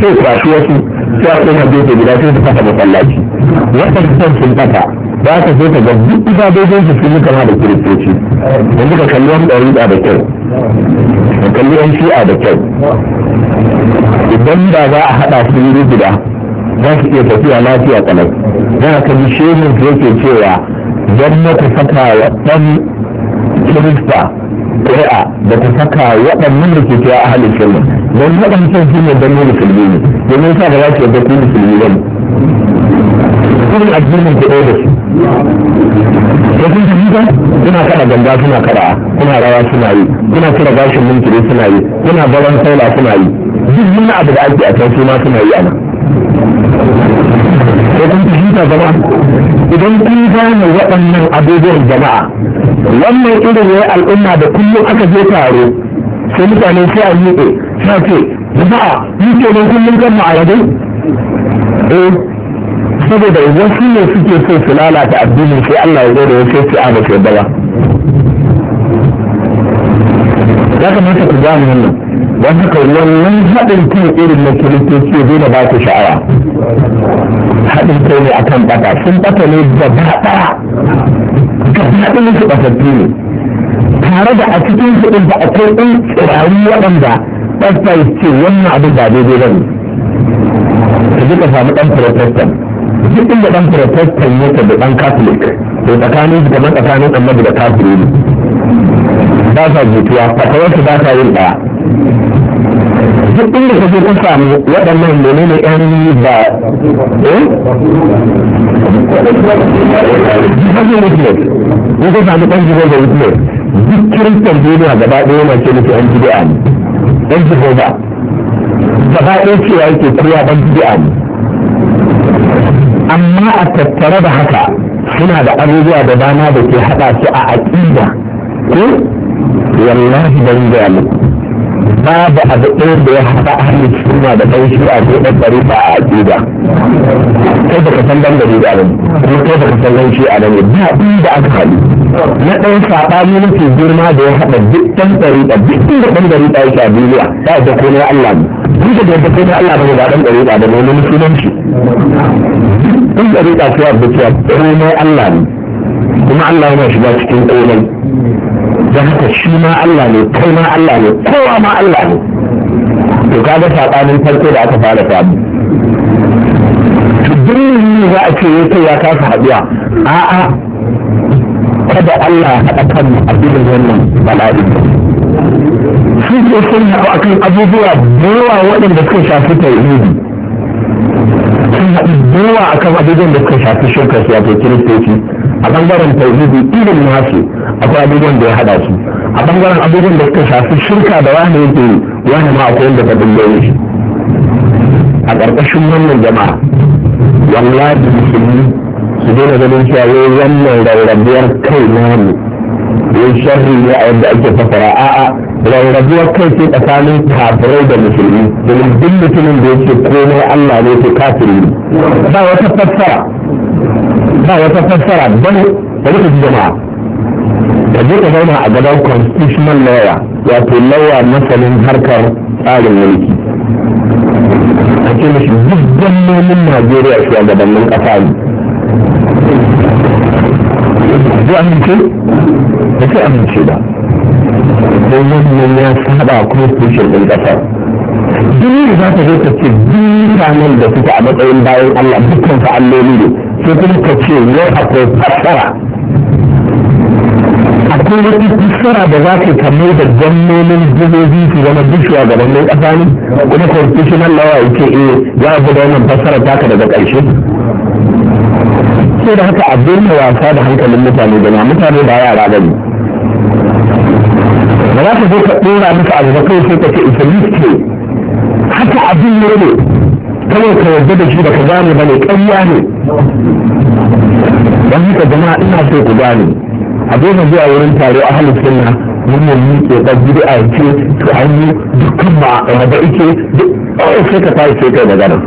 A: sai kwashi wasu sai a koma gefe gida sai su fata masallaci waɗannan sun fata ba ka zo ka ga duk ibadojin su sun yi kama da kiristoci yanzu ka kalli wani ɗari da kyau ka kalli yan shi'a da kyau idan ba za a haɗa su wuri guda za su iya tafiya lafiya kalai za ka ji shemin su yake cewa gwamnati saka wa ɗan kirista ƙuri'a da ta saka waɗannan da ke cewa a halin shirin don waɗancan shi ne don musulmi ne domin sa ba za su yadda ku musulmi ne irin addinin ku ɗaya da
B: su ya
A: kun fahimta kuna kada ganga suna kada kuna rawa suna yi kuna cire gashin mintiri suna yi kuna baron saula suna yi duk wani abu da ake a can su ma suna yi a nan ko kun fi fahimta jama'a idan kun gane waɗannan abubuwan jama'a wannan irin ya al'umma da kullum aka je taro sai mutane sai a yi sai ce jama'a ni ke nan kullum kan ma'aradai eh saboda idan su ne suke so su lalata addinin sai Allah ya zo da wasu sai a ba su yadda ba ya kamata ku gane wannan don haka wannan haɗin kan irin na kiristoci ya zo da ba ku sha'awa haɗin kai ne akan bata sun bata ne da gaba ɗaya gaba ɗaya su ɓatattu ne tare da a cikin kuɗin ba a kai ɗan tsirari waɗanda ɗan ce wannan abin ba daidai ba ne ka ji ka samu ɗan protestant duk inda dan protestant yake da dan catholic to tsakanin su kamar tsakanin annabi da kafiri ne ba sa jituwa fatawar su ba sa yin daya duk inda ka ka samu waɗannan menene yan ba eh jihohin ka samu ɗan jihohin ne duk kiristan duniya gaba ɗaya yana ce musu yan jibi'a ne yan jihova gaba ɗaya cewa yake kowa ɗan jibi'a ne amma a tattare da haka suna da abubuwa da dama da ke haɗa su a aƙida ko wallahi ban gaya muku babu abu ɗaya da ya haɗa hannun suna da ɗan shi a ɗan ɗari ba a aƙida kai da kasan ɗan gari da abin ko kai da kasan ɗan shi a ɗan ba da aka haɗu na ɗan saɓani mafi girma da ya haɗa duk ɗan ɗari da duk da ɗan ɗari da yake a duniya ta da komai Allah ne duk da yadda komai Allah ba ne ɗan ɗari da ba ne musulunci
B: in
A: da rika kuwa da kuwa komai Allah ne kuma Allah yana shiga cikin komai da haka shi ma Allah ne kai ma Allah ne kowa ma Allah ne to kaga sabanin farko da aka fara samu duk ne za a ce yake ya kasa haɗuwa a'a kada Allah ya haɗa kan abin wannan bala'i sun ce sun haɗu akan abubuwa da yawa waɗanda suka shafi tauhidi sun a kan abubuwan da suka shafi shirka su wato kiristoci a bangaren tauhidi irin nasu akwai abubuwan da ya haɗa su a bangaren abubuwan da suka shafi shirka da wani yake yi wani ma akwai wanda ta dubbe shi a ƙarƙashin wannan jama'a wallahi musulmi su daina ganin cewa wai wannan rarrabiyar kai na mu yin sharri ne a yadda ake fasara a'a rarrabuwar kai ce tsakanin kafirai da musulmi domin duk mutumin da yake komai Allah ne ke kafiri ba wata fassara ba wata fassara bane da duka jama'a da duka zauna a gaban constitutional lawyer wato lawyer masanin harkar tsarin mulki a ce mashi duk gwamnonin Najeriya shugabannin ƙasa ne. Zuwa da kai amince ba don wannan ya saba kuma tushen ɗin ƙasa duniya za ta zo ta ce mutanen da suke a matsayin bayan Allah dukkan su alloli ne sai kuma ka ce wai akwai fassara akwai wata fassara da za ka kamar da gwamnonin jihohi su zama duk shugabannin ƙasa ne kuma constitutional law ya ce eh za a gudanar fassara taka daga ƙarshe sai da haka a da wasa da hankalin mutane da mutane ba yara ba ne ba za ka zo ka ɗora musu abu ba kai sai ka ce iblis ce haka abin ne ne kawai ka yarda da shi ba ka gane ba ne ƙarya ne don haka jama'a ina so ku gane a daina zuwa wurin taro a halin sunna wannan miƙe ba a yake to an yi dukkan ba a ba ike duk kawai sai ka tashi sai kai magana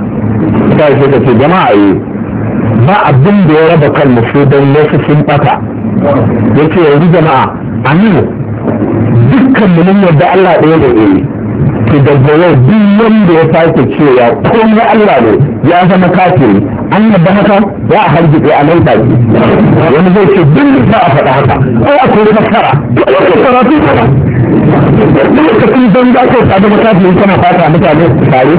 A: sai ka ce jama'a yi eh. ba abin da ya raba kan musu don wasu sun bata ya ce yanzu jama'a a dukkan mu mun da Allah ɗaya da ɗaya eh. to daga yau duk wanda ya sake cewa komai Allah ne ya zama kafiri an yadda haka za a hargitse a nan take wani zai ce duk za a faɗa haka ko a kori makara wani karatu kana lokacin don za ka tsada matafiyin kana fata mutane su tare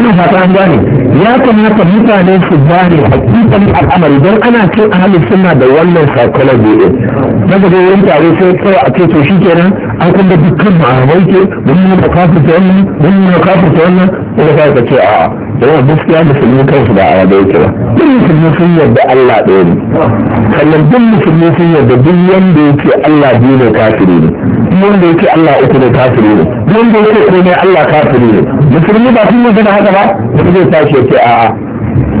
A: ina fata an gane ya kamata mutane su gane hakikan al'amari don ana cin a halin suna da wannan psychology din daga da wurin tare sai kawai a ce to shi kenan an kuma dukkan ma'amai ke mun nuna kafin ta wannan mun nuna kafin ta wannan ko ka ce a'a yawan gaskiya musulmi kansu ba a wada yake ba duk musulmi sun yarda Allah ɗaya ne sannan duk musulmi sun yarda duk wanda yake Allah biyu ne kafiri ne duk wanda yake Allah uku ne kafiri ne duk wanda yake komai Allah kafiri ne musulmi ba sun yarda da haka ba da zai tashi yake a'a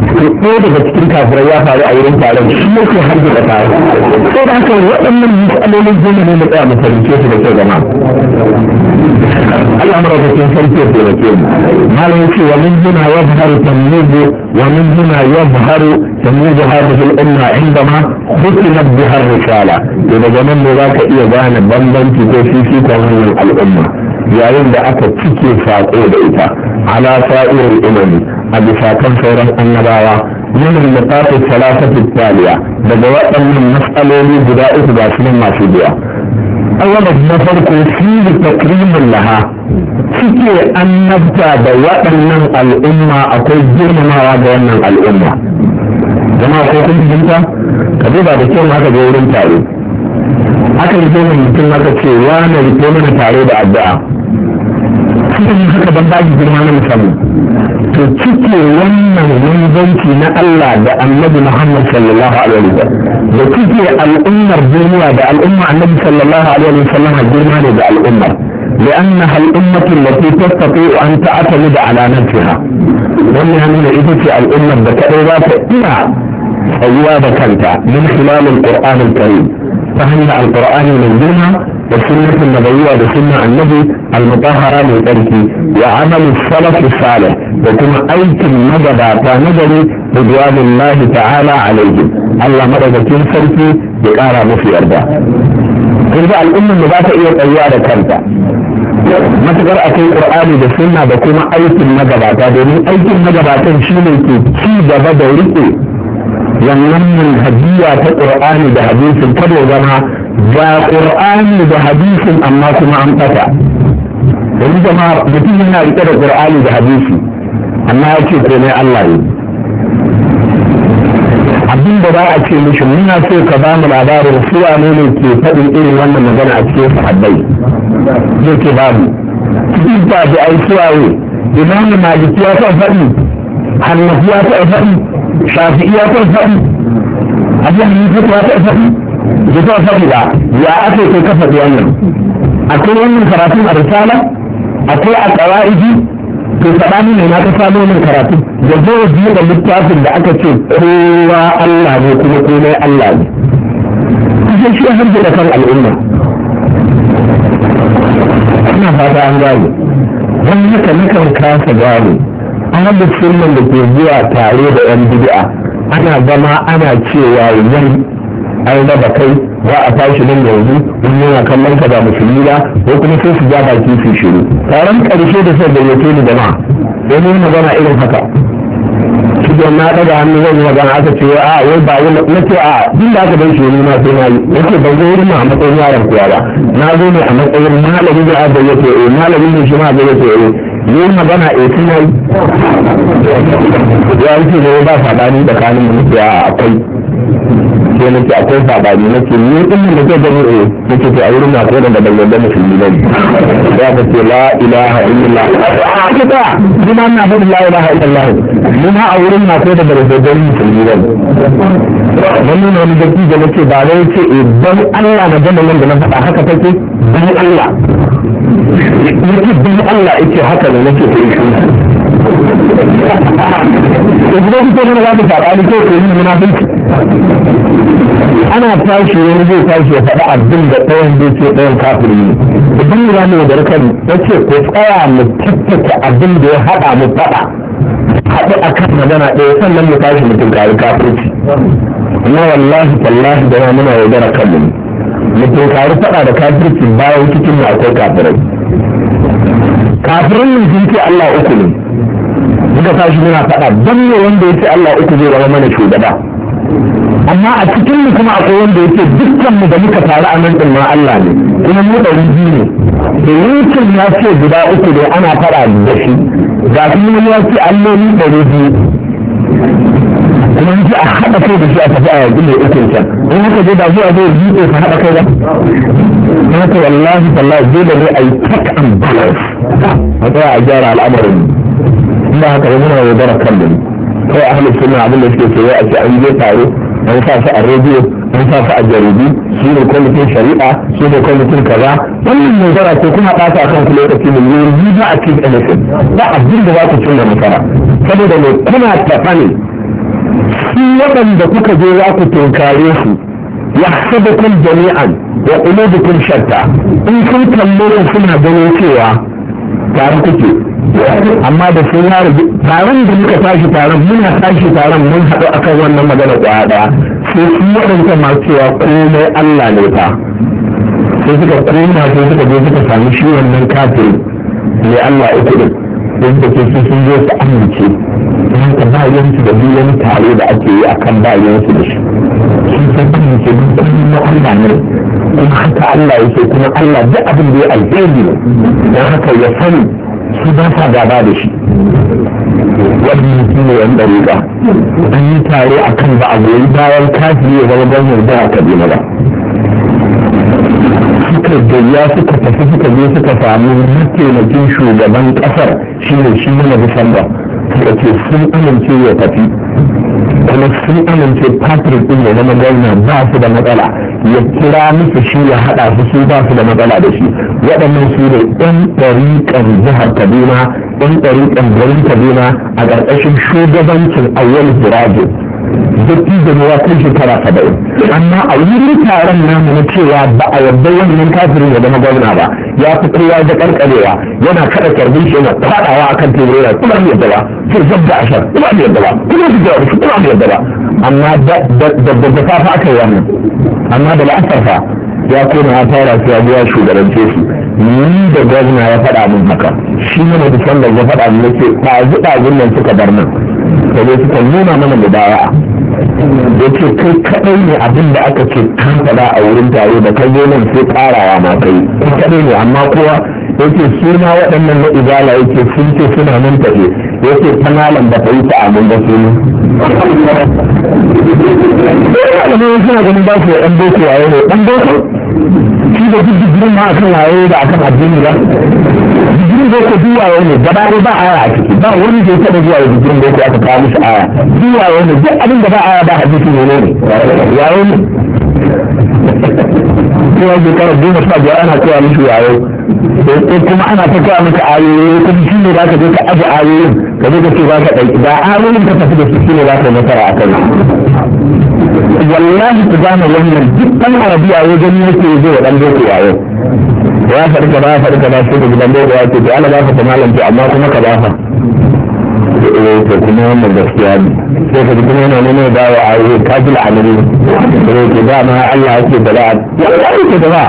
A: ɗaya daga cikin kafirai ya faru a wurin taron shi yake har da taron sai da haka waɗannan matsalolin zama ne na tsaya mu fahimce su da kyau gama Allah mara bakin sarki ya taimake mu malam ce wa min huna yadhharu tamyizu wa min huna yadhharu tamyizu hadhihi al-umma indama khutinat biha ar-risala to daga nan ne zaka iya gane bambanci ko fifikon wannan al'umma yayin da aka cike sako da ita ala sa'irin imani a bisa kan sauran annabawa min al-liqat al-thalathah daga waɗannan matsaloli guda uku ga su masu biya awwalan na farko fi takrimin laha cike annabta da waɗannan al'umma akwai girmamawa ga wannan al'umma jama'a ko kun fahimta ka duba da kyau haka ga wurin taro aka yi zo mutum aka ce wani rike mana tare da addu'a kuma haka don bayi girma na mutane to cike wannan manzanci na Allah da annabi Muhammad sallallahu alaihi wa da cike al'ummar duniya da al'umma annabi sallallahu alaihi wa sallam girma ne da al'ummar لأنها الأمة التي تستطيع أن تعتمد على نفسها ومنها من إذن الأمة بكريرات إلى أيوة كنت من خلال القرآن الكريم فهل القرآن من دونها da sunnatin nabawiyya da sunna annabi almutahara mai tsarki wa amalu salaf salih da kuma aikin magabata nagari ridwanullahi ta'ala alaihim Allah madaukakin sarki ya kara musu yarda kirba al'ummar da ba ta iya tsayuwa da kanta matukar akwai qur'ani da sunna da kuma aikin magabata domin aikin magabatan shine ke ci gaba da rike wannan hadiya ta qur'ani da hadisin ta zama ga ƙur'ani da hadisin amma kuma an ɓata yanzu jama'a mutum yana riƙe da ƙur'ani da hadisi amma ya ce komai Allah ne abin da ba a ce mishi muna so ka ba mu labarin su ne ne ke faɗin irin wannan magana a cikin sahabbai zai ke ba mu cikin ba da ai suwaye imamu maliki ya son faɗi hannafi ya son faɗi shafi'i ya son faɗi abin da ya son faɗi ita ta ba ya ake kai kafa wannan akwai wannan karatun a risala akwai a ƙawa'iji to saɓani ne na ta samu wannan karatu da zai biyu da littafin da aka ce kowa Allah ne kuma komai Allah ne kusan shi har da kan al'umma ina fata an gane wani haka nakan kasa gane ahlus sunan da ke zuwa tare da yan bid'a ana zama ana cewa yan an raba kai za a tashi nan da yanzu in yana kallon ka ba musulmi ba ko kuma sai su ja baki su shiru taron karshe da sai da yake ni jama'a domin mun magana irin haka shi da na daga hannu zan yi magana aka ce a wai ba yi na ce a din da aka ban shi ma sai na yi nake ban zo wurin a matsayin yaron kuwa ba na zo ne a matsayin malamin da aka yake eh malamin ne shi ma aka yake eh, eh yi magana a yi Ya ya wuce ne ba sabani da kanin mutu a akwai sai nake akwai sabani nake ni din da ke gani eh nake to a wurin na kodan da bayyana musulmi ne ya ka ce la ilaha illallah ake ta ah, kuma na faɗi la ilaha illallah mun ha a wurin na kodan da bayyana musulmi ne wani ne wani daki da nake ba dai ce eh, Allah na gama nan da na faɗa haka take dan Allah nake dan Allah yake haka ne nake to in kuma kuma na za ta saɓani ko ko ana tashi wani zai tashi ya faɗi abin da ɗayan zai ce ɗayan kafiri ne idan ya mu da kan ta ce ko tsaya mu tattake abin da ya haɗa mu faɗa haɗu a kan magana ɗaya sannan mu tashi mu tunkari kafirci amma wallahi tallahi da ya muna yaudara kanmu mu tunkari faɗa da kafirci bayan cikin mu akwai kafirai kafirin mun sun ce Allah uku ne muka tashi muna faɗa don ne wanda ya ce Allah uku zai zama mana shugaba amma a cikin mu kuma akwai wanda yake dukkan mu da muka taru a nan din ma Allah ne kuma mu da biyu ne da yankin ya ce guda uku ne ana fara da shi ga kuma ya ce alloli da biyu kuma ji a haɗa kai da shi a tafi a yanzu mai uku can in haka je da zuwa zai yi ko ka haɗa kai ba na wallahi zai da zai a yi tak an balance a tsaya a gyara al'amarin haka kan da ni kai ahalin suna abin da suke ce a ce an je taro an sa su a rediyo an sa su a jaridu su ne kwamitin shari'a su ne kwamitin kaza wannan yaudara ce kuma ɓata kan ku lokaci ne yanzu ba a cikin anything ba abin da za ku cimma nasara saboda mai kuna ta ne su waɗanda kuka je za ku tunkare su yahsabukum jami'an wa qulubukum shatta in kun kalle suna ganin cewa tare kuke amma da sun ya rubu taron da muka tashi taron muna tashi taron mun haɗu akan wannan magana kwaya ɗaya sai su waɗanda masu cewa komai Allah ne fa sai suka koma sai suka je suka sami shi wannan kafin ne Allah uku ɗin don da ke sun zo su amince don ka bayansu da duk wani tare da ake yi akan bayansu da shi
B: sun
A: san amince don kuma Allah ne kuma haka Allah yake kuma Allah duk abin da ya alheri ne don haka ya sani su ba sa gaba da shi wannan shi ne yan ba. an yi tare a kan ba a goyi bayan kafin ya zama gwamnati ba a kaduna ba suka gayya suka tafi suka je suka samu mataimakin shugaban ƙasar shi ne shi ne disamba suka ce sun amince ya tafi kuma sun amince patrick ɗin ya zama gwamna ba su da matsala ya kira musu shi ya haɗa su su ba su da matsala da shi waɗannan su ne ɗan ɗariƙan jihar kaduna ɗan ɗariƙan garin kaduna a ƙarƙashin shugabancin awwal duk da ne ya kai shekara saba'in amma a wurin taron namu na cewa ba a yarda wannan kafirin ya zama gwamna ba ya fi kowa da ƙarƙarewa yana kada karbin shi yana kan akan teburera kuma yadda ba ko zabba da ashar kuma yadda ba kuma su jawabi kuma bai ba amma da da da aka yi wannan amma da la'asar fa ya koma ya fara su ya biya shugaban su ni da gwamna ya faɗa min haka shi ne da sanda ya faɗa min yake ɗazu ɗazun nan suka bar nan da dai suka nuna mana da baya ya ce kai kaɗai ne abin da aka ce kan faɗa a wurin taro da kai zo nan sai ƙarawa ma kai kai kaɗai ne amma kowa ya ce su ma waɗannan na izala ya ce sun ce suna nan tafe ya ce ta malam ba ta yi ta'amun ba su malamai suna ganin ba su ɗan boko waye ne ɗan boko shi da duk digirin ma akan waye da akan addini ba digirin boko duk ne gaba ne ba aya a ciki ba wani da ya taɓa zuwa digirin boko aka kawo musu aya duk ne duk abin da ba aya ba hadisi ne ne waye ne cewa shekara goma sha biyar ana cewa mishi yayo ko kuma ana ta kawo maka ayoyi kuma shi ne za ka je ka aje ayoyin ka je ka ce ba ka ɗauki ba ayoyin ka tafi da shi shi ne za ka yi nasara a
B: kai
A: wallahi ku gane wannan duk ɗan arabiya wajen yake zai wa ɗan boko yayo ya faɗi ka ba faɗi ka ba shi ka gidan boko ya ce to ala ba ka ta malam amma kuma ka ba ka eh to kuma wannan gaskiya ne sai ka kuma yana nuna da wa a yi kafin amiri da ke da ma Allah yake da ba Allah yake da ba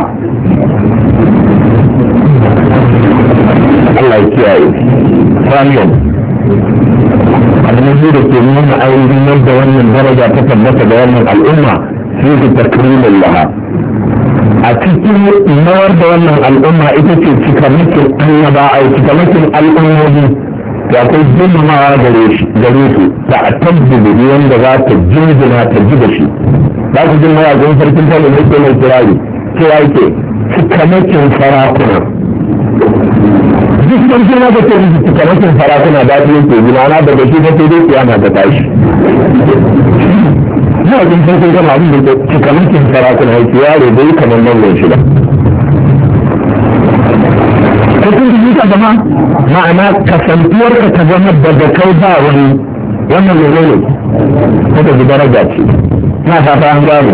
A: Allah ya kiyaye sanyon abin da ke nuna ainihin yadda wannan daraja ta tabbata da wannan al'umma shi ne takrimin laha a cikin nawar da wannan al'umma ita ce cikamakin annaba a cikamakin al'ummomi da akwai girmamawa gare shi gare su da a tabbibi wanda za ta jinjina ta ji da shi za ku jin mawaƙin sarkin ta da ke mai kirari cewa yake cikamakin sarakuna duk sarki na ta ce cikamakin sarakuna da ta yake zinana daga shi ta dai kiyama ta tashi mawaƙin sarkin ta ma abin da cikamakin sarakuna yake yaro bai kamar nan mai shi kun ji ka zama ma'ana kasantuwar ka ta zama daga kai ba wani wannan ne ne kada ji daraja ce na fata an gano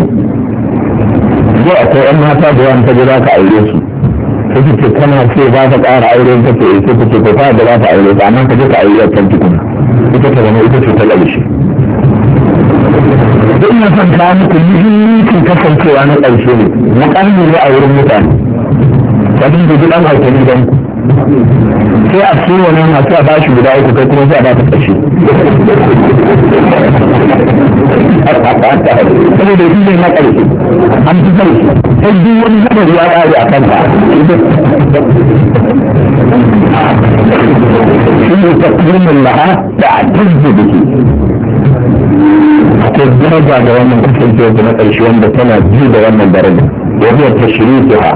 A: zai akwai yan mata da yawan ta ji ka aure su sai ce kana ce za ka ƙara aure ta ce sai ta ce ko ta da za ka aure ta amma ka je ka aure ta kuma, ita ta zama ita ce ta ƙarshe duk na son kawo muku muhimmancin kasancewa na ƙarshe ne na ƙarni ne a wurin mutane abin da duk an haifari don ku sai a cikin wani masu a bashi guda uku kai kuma sai a baka kashi saboda shi ne na ƙarshe an fi sai sai duk wani zama ya ƙare a kanka shi ne takwimin laha da a tajji da ke akwai daraja da wannan kasancewar da na ƙarshe wanda tana ji da wannan daraja wajen tashirikiya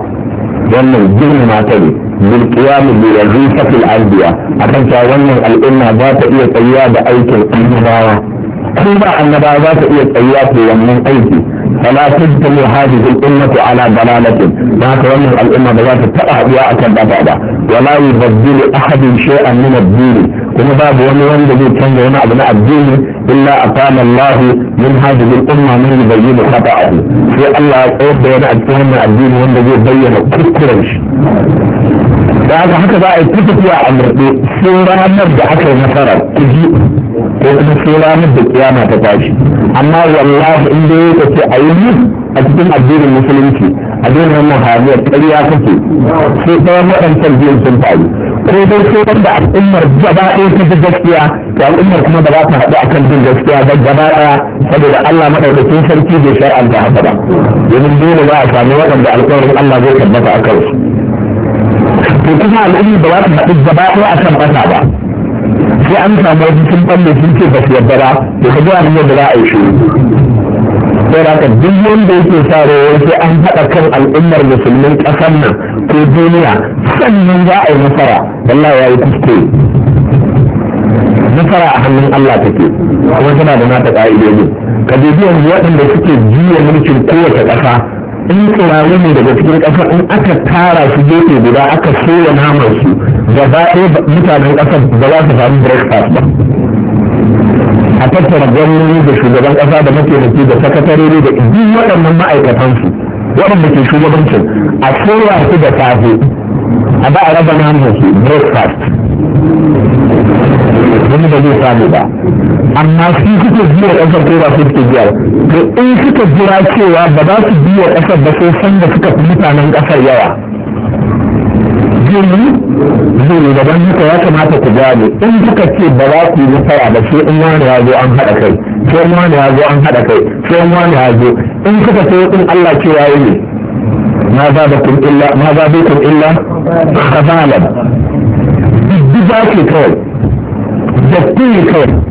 A: wannan girmama ta ne بالقيام بوظيفة الأنبياء أكن تاونا الأمة ذات إيه طيابة أيك الأنبياء كما أن ذات إيه طيابة ومن أيدي طيب. فلا تجتمع هذه الأمة على ضلالة ما تولى الأمة ذات التقع بها ولا يبدل أحد شيئا من الدين ومباب ومن الذي كان يوم أبناء الدين إلا أقام الله من هذه الأمة من يبين خطأه في الله أوف بين أدفهم من الدين ومن الذي يبين كل قريش هذا حكى بقى يتفت يا عمر سورة مبدا حكى المسارة تجي وإن سورة مبدا قيامة تتاشي أما والله إنه يتفت أيضا أتبين الدين المسلمين أدين هم هذه الطريقة تجي سورة مبدا تجي المسلمين ko dai sai wanda al'ummar gaba ɗaya ta ji gaskiya to al'ummar kuma ba za ta haɗu a kan jin gaskiya ba gaba ɗaya saboda Allah maɗaukakin sarki bai shar'anta haka ba domin dole za a sami waɗanda alƙawarin Allah zai tabbata a kansu to kuma al'ummar ba za ta haɗu gaba ɗaya a kan ɓata ba sai an samu wasu sun ɓalle sun ce ba su yadda ba to ka zuwa hanyar da za a yi shi sai haka duk wanda yake sa rawar sai an haɗa kan al'ummar musulmin ƙasar nan ko duniya sannan za a yi nasara wallahi ya yi nasara a hannun Allah take kuma tana da nata ƙa'idoji ka dubi yanzu waɗanda suke juya mulkin kowace ƙasa in tsirawo ne daga cikin ƙasa in aka tara su gefe guda aka soya naman su gaba ɗaya mutanen ƙasar ba za su samu breakfast ba a tattara gwamnoni da shugaban ƙasa da mataimaki da sakatarori da duk waɗannan su. waɗanda ke shugabancin a soya su da safe a ba a raba namun su breakfast wani ba zai samu ba amma su suke biya ƙasar ko ba su suke biya to in suka jira cewa ba za su biya ƙasar ba sai san da suka fi mutanen ƙasar yawa zai zai yi daban haka ya kamata ku gane in suka ce ba za su yi nasara ba sai in wani ya zo an haɗa kai sai in wani ya zo an haɗa kai sai in wani ya zo in suka ce in Allah cewa yi ne ما زادكم الا ما زادكم الا خبالا بالذات يكون بالتي يكون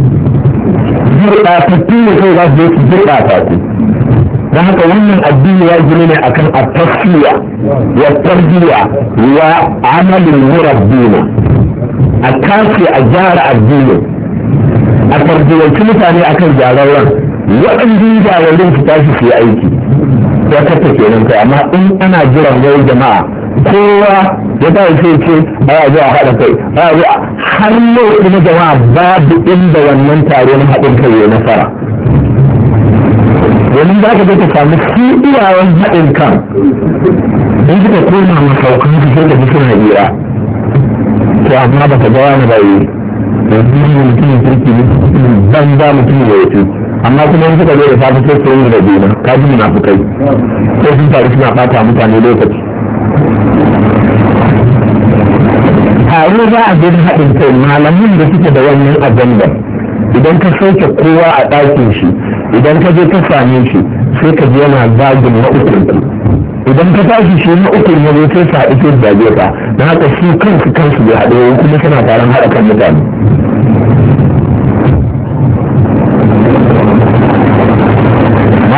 A: بالذات يكون بالذات يكون بالذات يكون لهذا ومن الدين يجرون أكن التصفية والتربية وعمل المربين التاسي أجار الدين التربية كل ثاني أكن جاغلا وأن دين جاغلين كتاسي في أيدي ya kasa kenan kai amma in ana jiran wai jama'a kowa ya ba shi ce ba ya zuwa haɗa kai ba ya zuwa har yau kuma jama'a babu inda wannan taro na haɗin kai ya nasara domin za ka ta samu su iyawan haɗin kan in kika koma masaukan su sai da ji suna hira to amma ba ka ga wani ba yi yanzu mutum kirki ne banza mutum ya yi amma kuma in suka zo da safe sai su da kaji ka ji munafukai sai sun faru suna fata mutane lokaci tare za a bin haɗin kai malamin da suke da wannan agenda idan ka soke kowa a ɗakin shi idan ka je ka same shi sai ka biya na zagin na uku idan ka tashi shi na uku ne zai sai sa ake zage ka na haka shi kansu kansu bai haɗe kuma suna taron haɗa kan mutane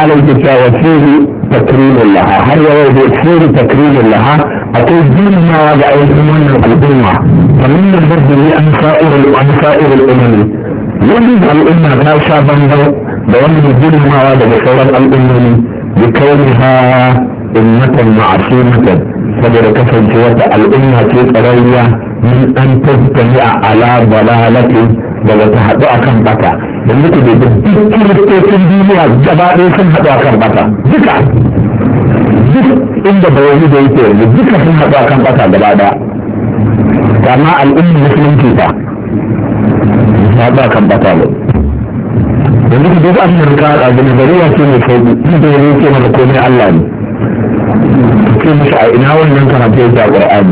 A: عليك وفيه تكريم لها هل يريد فيه تكريم لها أقول دين ما وضع يسمون القدومة فمن البدل أن سائر أن سائر الأمم يجب الأمة لا شابا بأن دين ما وضع بصورة الأمم بكونها أمة معصومة فقد كفر الأمة قرية من أن تجتمع على ضلالة daga ta كم بكى yanzu ku dubi duk kiristocin duniya gaba ɗaya sun haɗu a kan bata duka duk inda bayani da yake yanzu duka sun haɗu a kan bata gaba ɗaya amma al'ummar musulunci ba haɗu a kan bata ne yanzu ku dubi amurka a gani zinariya ce mai sauƙi inda ya yake mana komai allah ne ce musu a ina wannan karatu ya ce a ƙwar'ani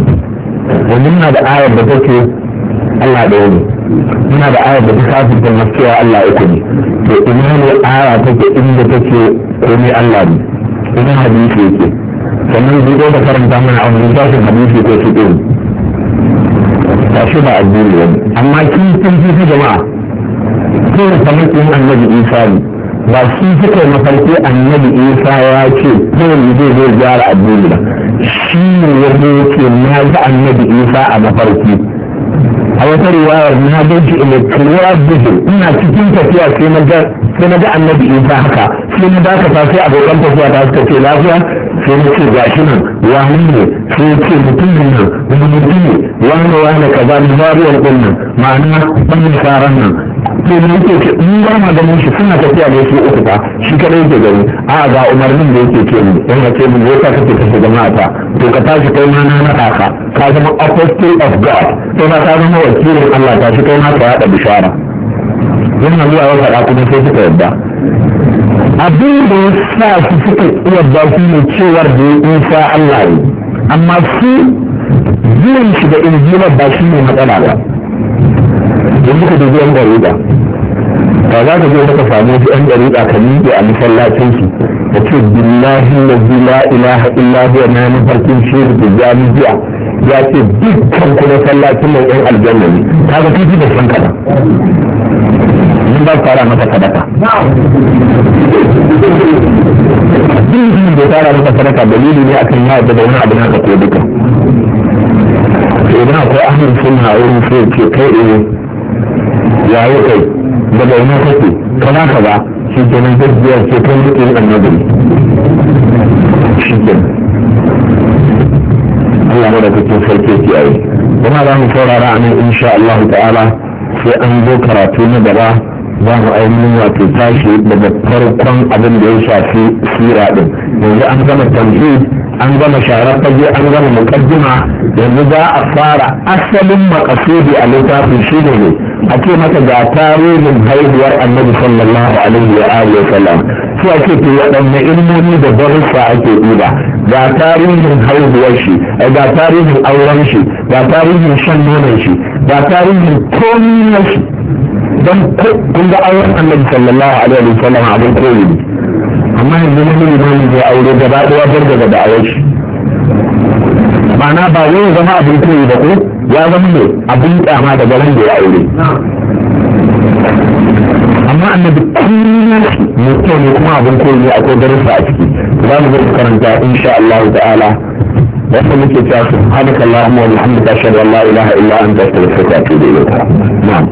A: yanzu muna da ayar da take allah ɗaya ne muna da ayar da ta kafin ta cewa Allah uku ne to ina ne aya take inda take komai Allah ne ina hadisi yake sannan zai zo da karanta mana a wani tashin hadisi ko su ɗin ba shi ba addini wani amma kin sun fi su jama'a kin kamar in annabi isa ne ba shi suka mafarki annabi isa ya ce kawai zai zo gyara addini ba shi ne wani ce na ga annabi isa a mafarki a wata riwayar na gaji elektriya bugu ina cikin tafiya sai na ga annabi isa haka sai na dakata sai abokan tafiya ta suka ce lafiya sai na ce ga shi nan wani ne sai ya ce mutumin nan mutum ne wani wani kaza na zariyar ɗin nan ma'ana ɓangin tsaron nan to ne yake ce in ba ma ganin shi suna tafiya ne su uku ba shi kada yake gani a ga umarnin da yake ce mu in ce mu yasa kake kashe jama'a ta to ka tashi kai ma na naɗa ka ka zama apostle of god kai ma ka zama wakilin Allah ta shi kai ma ka yaɗa bishara yana zuwa ya faɗa kuma sai suka yadda abin da ya sa su suka iya ba su ne cewar da ya isa Allah ne amma su zuwan shi da injila ba shi ne matsala ba yanzu ka dubi yan gariba ba za ka je ka samu su yan gariba ka miƙe a masallacin su ka ce billahi na zila ilaha illa huwa na mafarkin shehu da jami'a ya ce dukkan kuma sallacin mai yan aljanna ne ka ga kifi da san kana in ba su tara maka sadaka duk mutumin da ya tara maka sadaka dalili ne akan ya yarda da wani abu na ka ko duka idan akwai ahlul sunna wurin sai ce kai eh yayi kai daga wani kake kana ka ba shi kenan gaskiya ce kai duke yin annabi shi kenan Allah da kake sarki kiyaye kuma za mu saurara a nan insha Allah ta'ala sai an zo karatu na gaba za mu ainihin wato tashi daga farkon abin da ya shafi sira din yanzu an gama tauhid an gama sharar fage an gama mukaddima yanzu za a fara asalin makasudi a littafin shi ne a ce mata ga tarihin haihuwar annabi sallallahu alaihi wa alihi wa sallam su a ce to waɗanne ilmomi da darussa ake ɗiba ga tarihin haihuwar shi ga tarihin auren shi ga tarihin shan nonon shi ga tarihin komi shi don kun ga auren annabi sallallahu alaihi wa sallam a abin koyi amma yanzu na mini mani zai aure gaba ɗaya gargaza da auren shi ma'ana ba zai zama abin koyi ba ko ya zama ne abin kyama da garin da ya aure amma annabi kullum mai kyau ne kuma abin koyi akwai darussa a ciki za mu zai karanta insha Allah ta'ala wasu muke cewa subhanakallahumma wa bihamdika ashhadu an la ilaha illa anta astaghfiruka wa atubu ilayk na'am